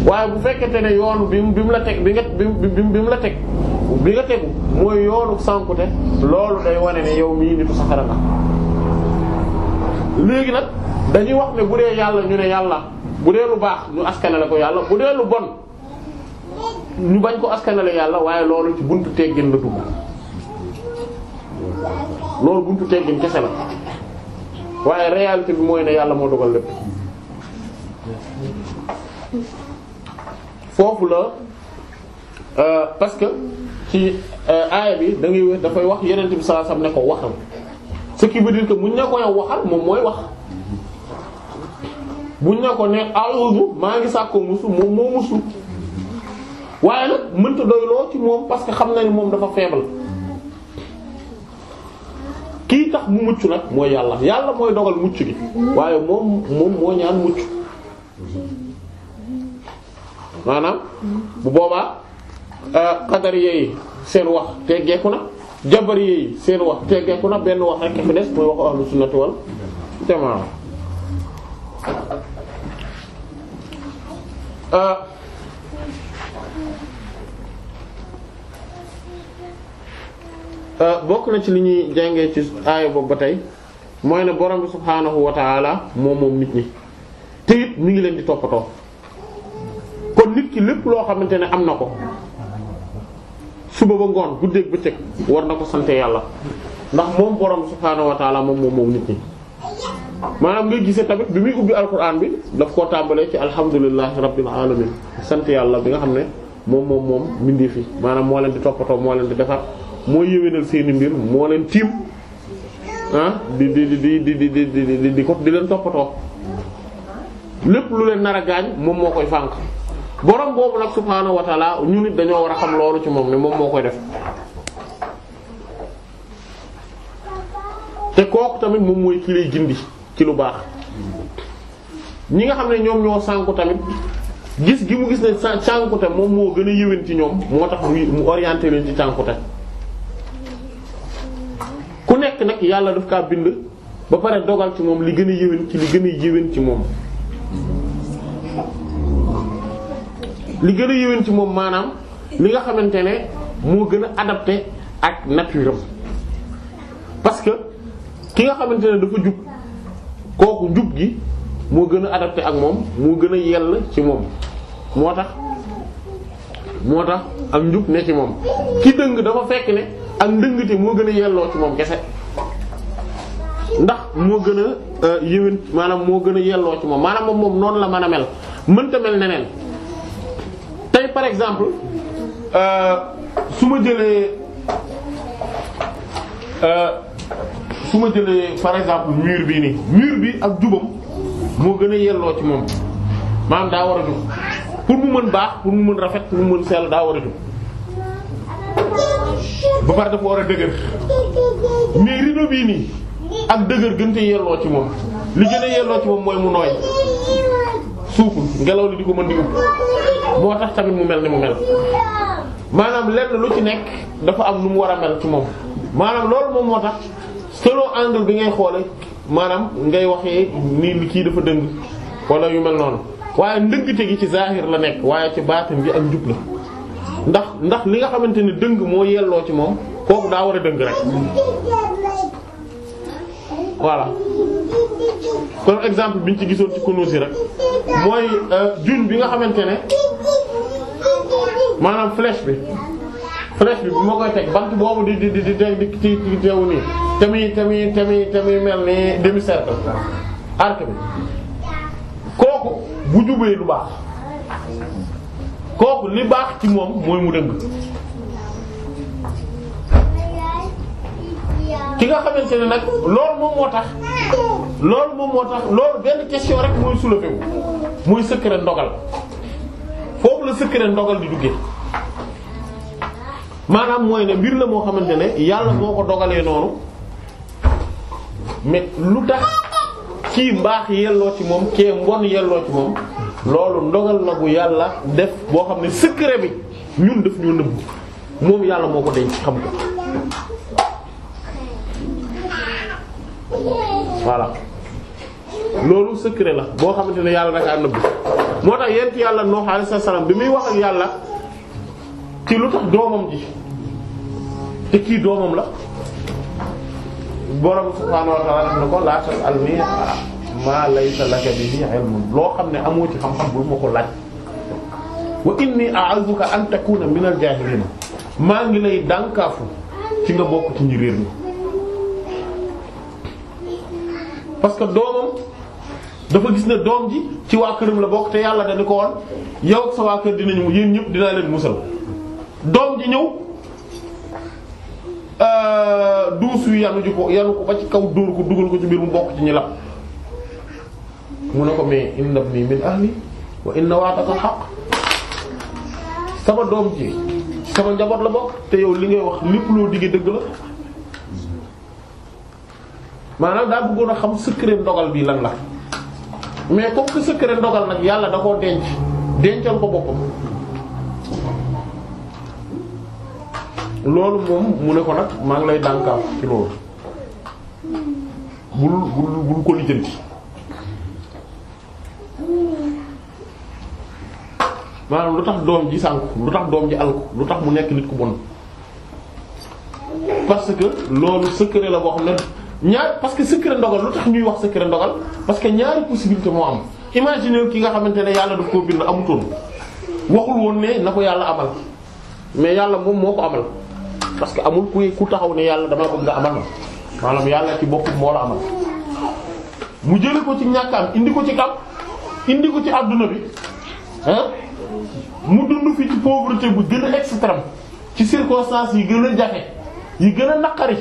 waaye bu fekkente ne yoon bi mu la teg bi nga bi teg bi nga tegu mooy yoonu sànkute loolu day wane ne yow mii nitu safara nga léegi nag dañuy wax ne bu dee yàlla ñu ne yàlla bu dee lu baax ñu askanale ko yàlla bu dee lu bon ñu bañ ko askanale yàlla waaye loolu ci buntu teggin la dugg loolu buntu teggin kese la waaye réalité bi mooy ne yàlla moo dogal lépp foofu la euh, parce que ci euh, aaya bi da ngay dafay wax yeneen bi sallallahu alayhi ne ko waxal ce qui veut dire que buñ ne ko yow waxal moom mooy wax buñ ne ko ne a'udhu maa ngi sàkkoo musu moom moo musu waaye nag mënta doyloo ci moom parce que xam na ni moom dafa faible kii tax mu mucc nag mooy yàlla yàlla mooy dogal mucc gi waaye moom moom moo ñaan mucc maanaam bu boobaa qadariyee euh, yi seen wax teggeeku na jabar yi seen wax teggeeku na benn wax rekk fi des mooy waxu ahlu sunnati wal jamaa euh, Euh, bokk na ci li ñuy jàngee ci aaya boobu ba tey mooy ne borom bi subhaanahu wa moom moom nit ñi te it mi ngi leen di toppatoo kon nit ki lépp loo xamante ne am na ko suba ba ngoon guddeeg bëccëg war na ko sante yàlla ndax moom borom bi subhaanahu wa taala moom moom moom nit ñi maanaam ngay gisee tamit bi muy ubbi alquran bi daf koo tàmbalee ci alhamdulillahi rabbil alamin sant yàlla bi nga xam ne moom moom moom mbindee fi maanaam moo leen di toppatoo moo di defar mooy yéwénal seeni mbir moo leen tiim ah di di di di di di di di ko di leen toppatoo lépp lu leen nar a gaañ moom moo koy fànq borom boobu nag subhaanahu wa taala ñu nit dañoo war a xam loolu ci moom ne moom moo koy def te kooku tamit moom mooy ki lay gindi ci lu baax ñi nga xam ne ñoom ñoo sànku tamit gis gi mu gis ne sànkute moom moo gën a yéwén ci ñoom moo tax mu orienté leen ci sànkute yàlla daf kaa bind ba pare dogal ci moom li gën a yéwén ci li gën a yéwén ci moom li gën a yéwén ci moom maanaam li nga xamante ne moo gën a adapté ak nature parce que ki nga xamante ne dafa jub kooku njub gi moo gën a adapté ak moom moo gën a yell ci moom moo tax moo tax ak njub ne ci moom ki dëng dafa fekk ne ak ndëngte moo gën a yelloo ci moom kese ndax moo gën a euh, yéwén maanaam moo gën a yelloo ci moom maanaam moom noonu la mën a mel mënta mel neneen tey par exemple euh, su ma jëlee euh, su ma jëlee par exemple mur bii nii mur bi ak jubam moo gën a yelloo ci moom maanaam daa war a jub pour mu mën baax pour mu mën rafet pour mu mën sell daa war a jub ba pare dafa war a dëgër mais rideau bii nii. ak dëgër gën te yelloo ci moom li gën a yelloo ci moom mooy mu nooy suuful ngelaw li di ko mën di ub moo tax tamit mu mel ni mu mel maanaam lenn lu ci nekk dafa am lu mu war a mel ci moom maanaam loolu moom moo tax selon angle bi ngay xoole maanaam ngay waxee ni ci dafa dëng wala yu mel noonu waaye ndëngte gi ci zahir la nekk waaye ci baatam bi ak njub la ndax ndax li nga xamante ni dëng moo yelloo ci moom kooku daa war a dëng rek voilà kon exemple bi ñu ci gisoon ci Kunûz rek mooy june bi nga xamante ne maanaam flèche bi flèche bi bu ma koy teg bant boobu di di di di di di di teewu nii tamit tamit tamit tamit mel ni demi cercle arc bi kooku bu jubee lu baax kooku li baax ci moom mooy mu dëng ki nga xamante ne nag loolu moom moo tax loolu moom moo tax loolu benn question rek mooy soulevé wu muy secret ndogal foofu la secret ndogal di dugge maanaam mooy ne mbir la moo xamante ne yàlla moo ko dogalee noonu mais lu tax ci mbaax yelloo ci moom kee mbon yelloo ci moom loolu ndogal la bu yàlla def boo xam ne secret bi ñun def ñoo nëbbu moom yàlla moo ko denc xam ko voilà loolu secret la boo xamante ne yàlla na nëbb moo tax yent yàlla Nuh alayhi salaam bi muy wax ak yàlla ci lu tax doomam ji te kii doomam la borom subhaanahu wa ta'aala def na ko laa tas'alnii maa laysa laka bihi ilmun loo xam ne amoo ci xam-xam bul ma ko laaj wa inni a'uuzuka an takuuna minal jaahiliin maa ngi lay dànkaafu ci nga bokk ci ñi réer parce que doomam dafa gis ne doom ji ci waa këram la bokk te yàlla dañu ko woon yow ak sa waa kër dinañu yéen ñëpp dinaa leen musal doom ji ñëw euh, duus wi yanu ji ko yanu ko ba ci kaw dóor ko dugal ko ci biir mu bokk ci ñi la mu ko mais inna ibni min ahli wa inna wa'daka al-haqq sama doom ji sama njaboot la bokk te yow li ngay wax lépp loo digge dëgg la maanaam daa bëggoon a xam secret ndogal bii lan la mais comme que secret ndogal nag yàlla da koo denc dencal ko boppam. loolu moom mu ne ko nag maa ngi lay dànkaaf ci loolu bul bul bul ko lijjanti maanaam lu tax doom ji sànk lu tax doom ji alku lu tax mu nekk nit ku bon parce que loolu secret la boo xam ne ñaar parce que secret ndogal lu tax ñuy wax secret ndogal parce que ñaari possibilité moo am imaginer ki nga xamante ne yàlla daf koo bind amutoon waxul woon ne na ko yàlla amal mais yàlla moom moo ko amal parce que amul ku ku taxaw ne yàlla damaa bëgg nga amal ma maanaam yàlla ci boppam moo la amal mu jëli ko ci ñàkk am indi ko ci kam indi ko ci àdduna bi ah mu dund fi ci pauvreté bu gën a extrême ci circonstances yi gën a jafe yi gën a naqari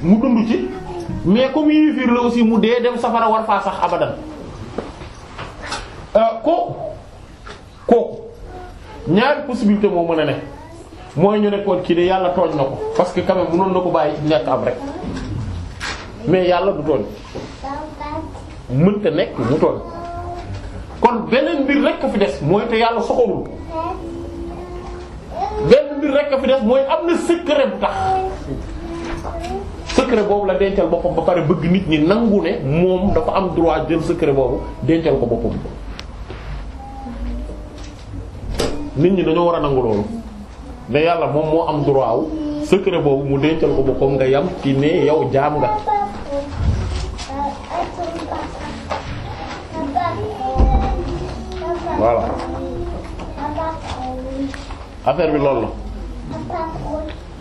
mu dund ci mais comme yéefir la aussi mu dee dem safara war faa sax abadan kooku euh, kooku ñaari possibilité moo mën a ne mooy ñu nekkoon kii de yàlla tooñ na ko parce que quand même na ko bàyyi ci ñàkk am rek mais yàlla du tooñ mënta nekk mu tooñ kon beneen mbir rek a fi des mooy te yàlla soxorul benn mbir rek a fi des mooy am na secret bu tax secret boobu la dencal boppam ba pare bëgg nit ñi nangu ne moom dafa am droit jël secret boobu dencal ko boppam nit ñi dañoo war a nangu loolu ne yàlla moom moo am droit wu boobu mu dencal ko boppam nga yam ci ne yow jaam la waaw affaire bi loolu la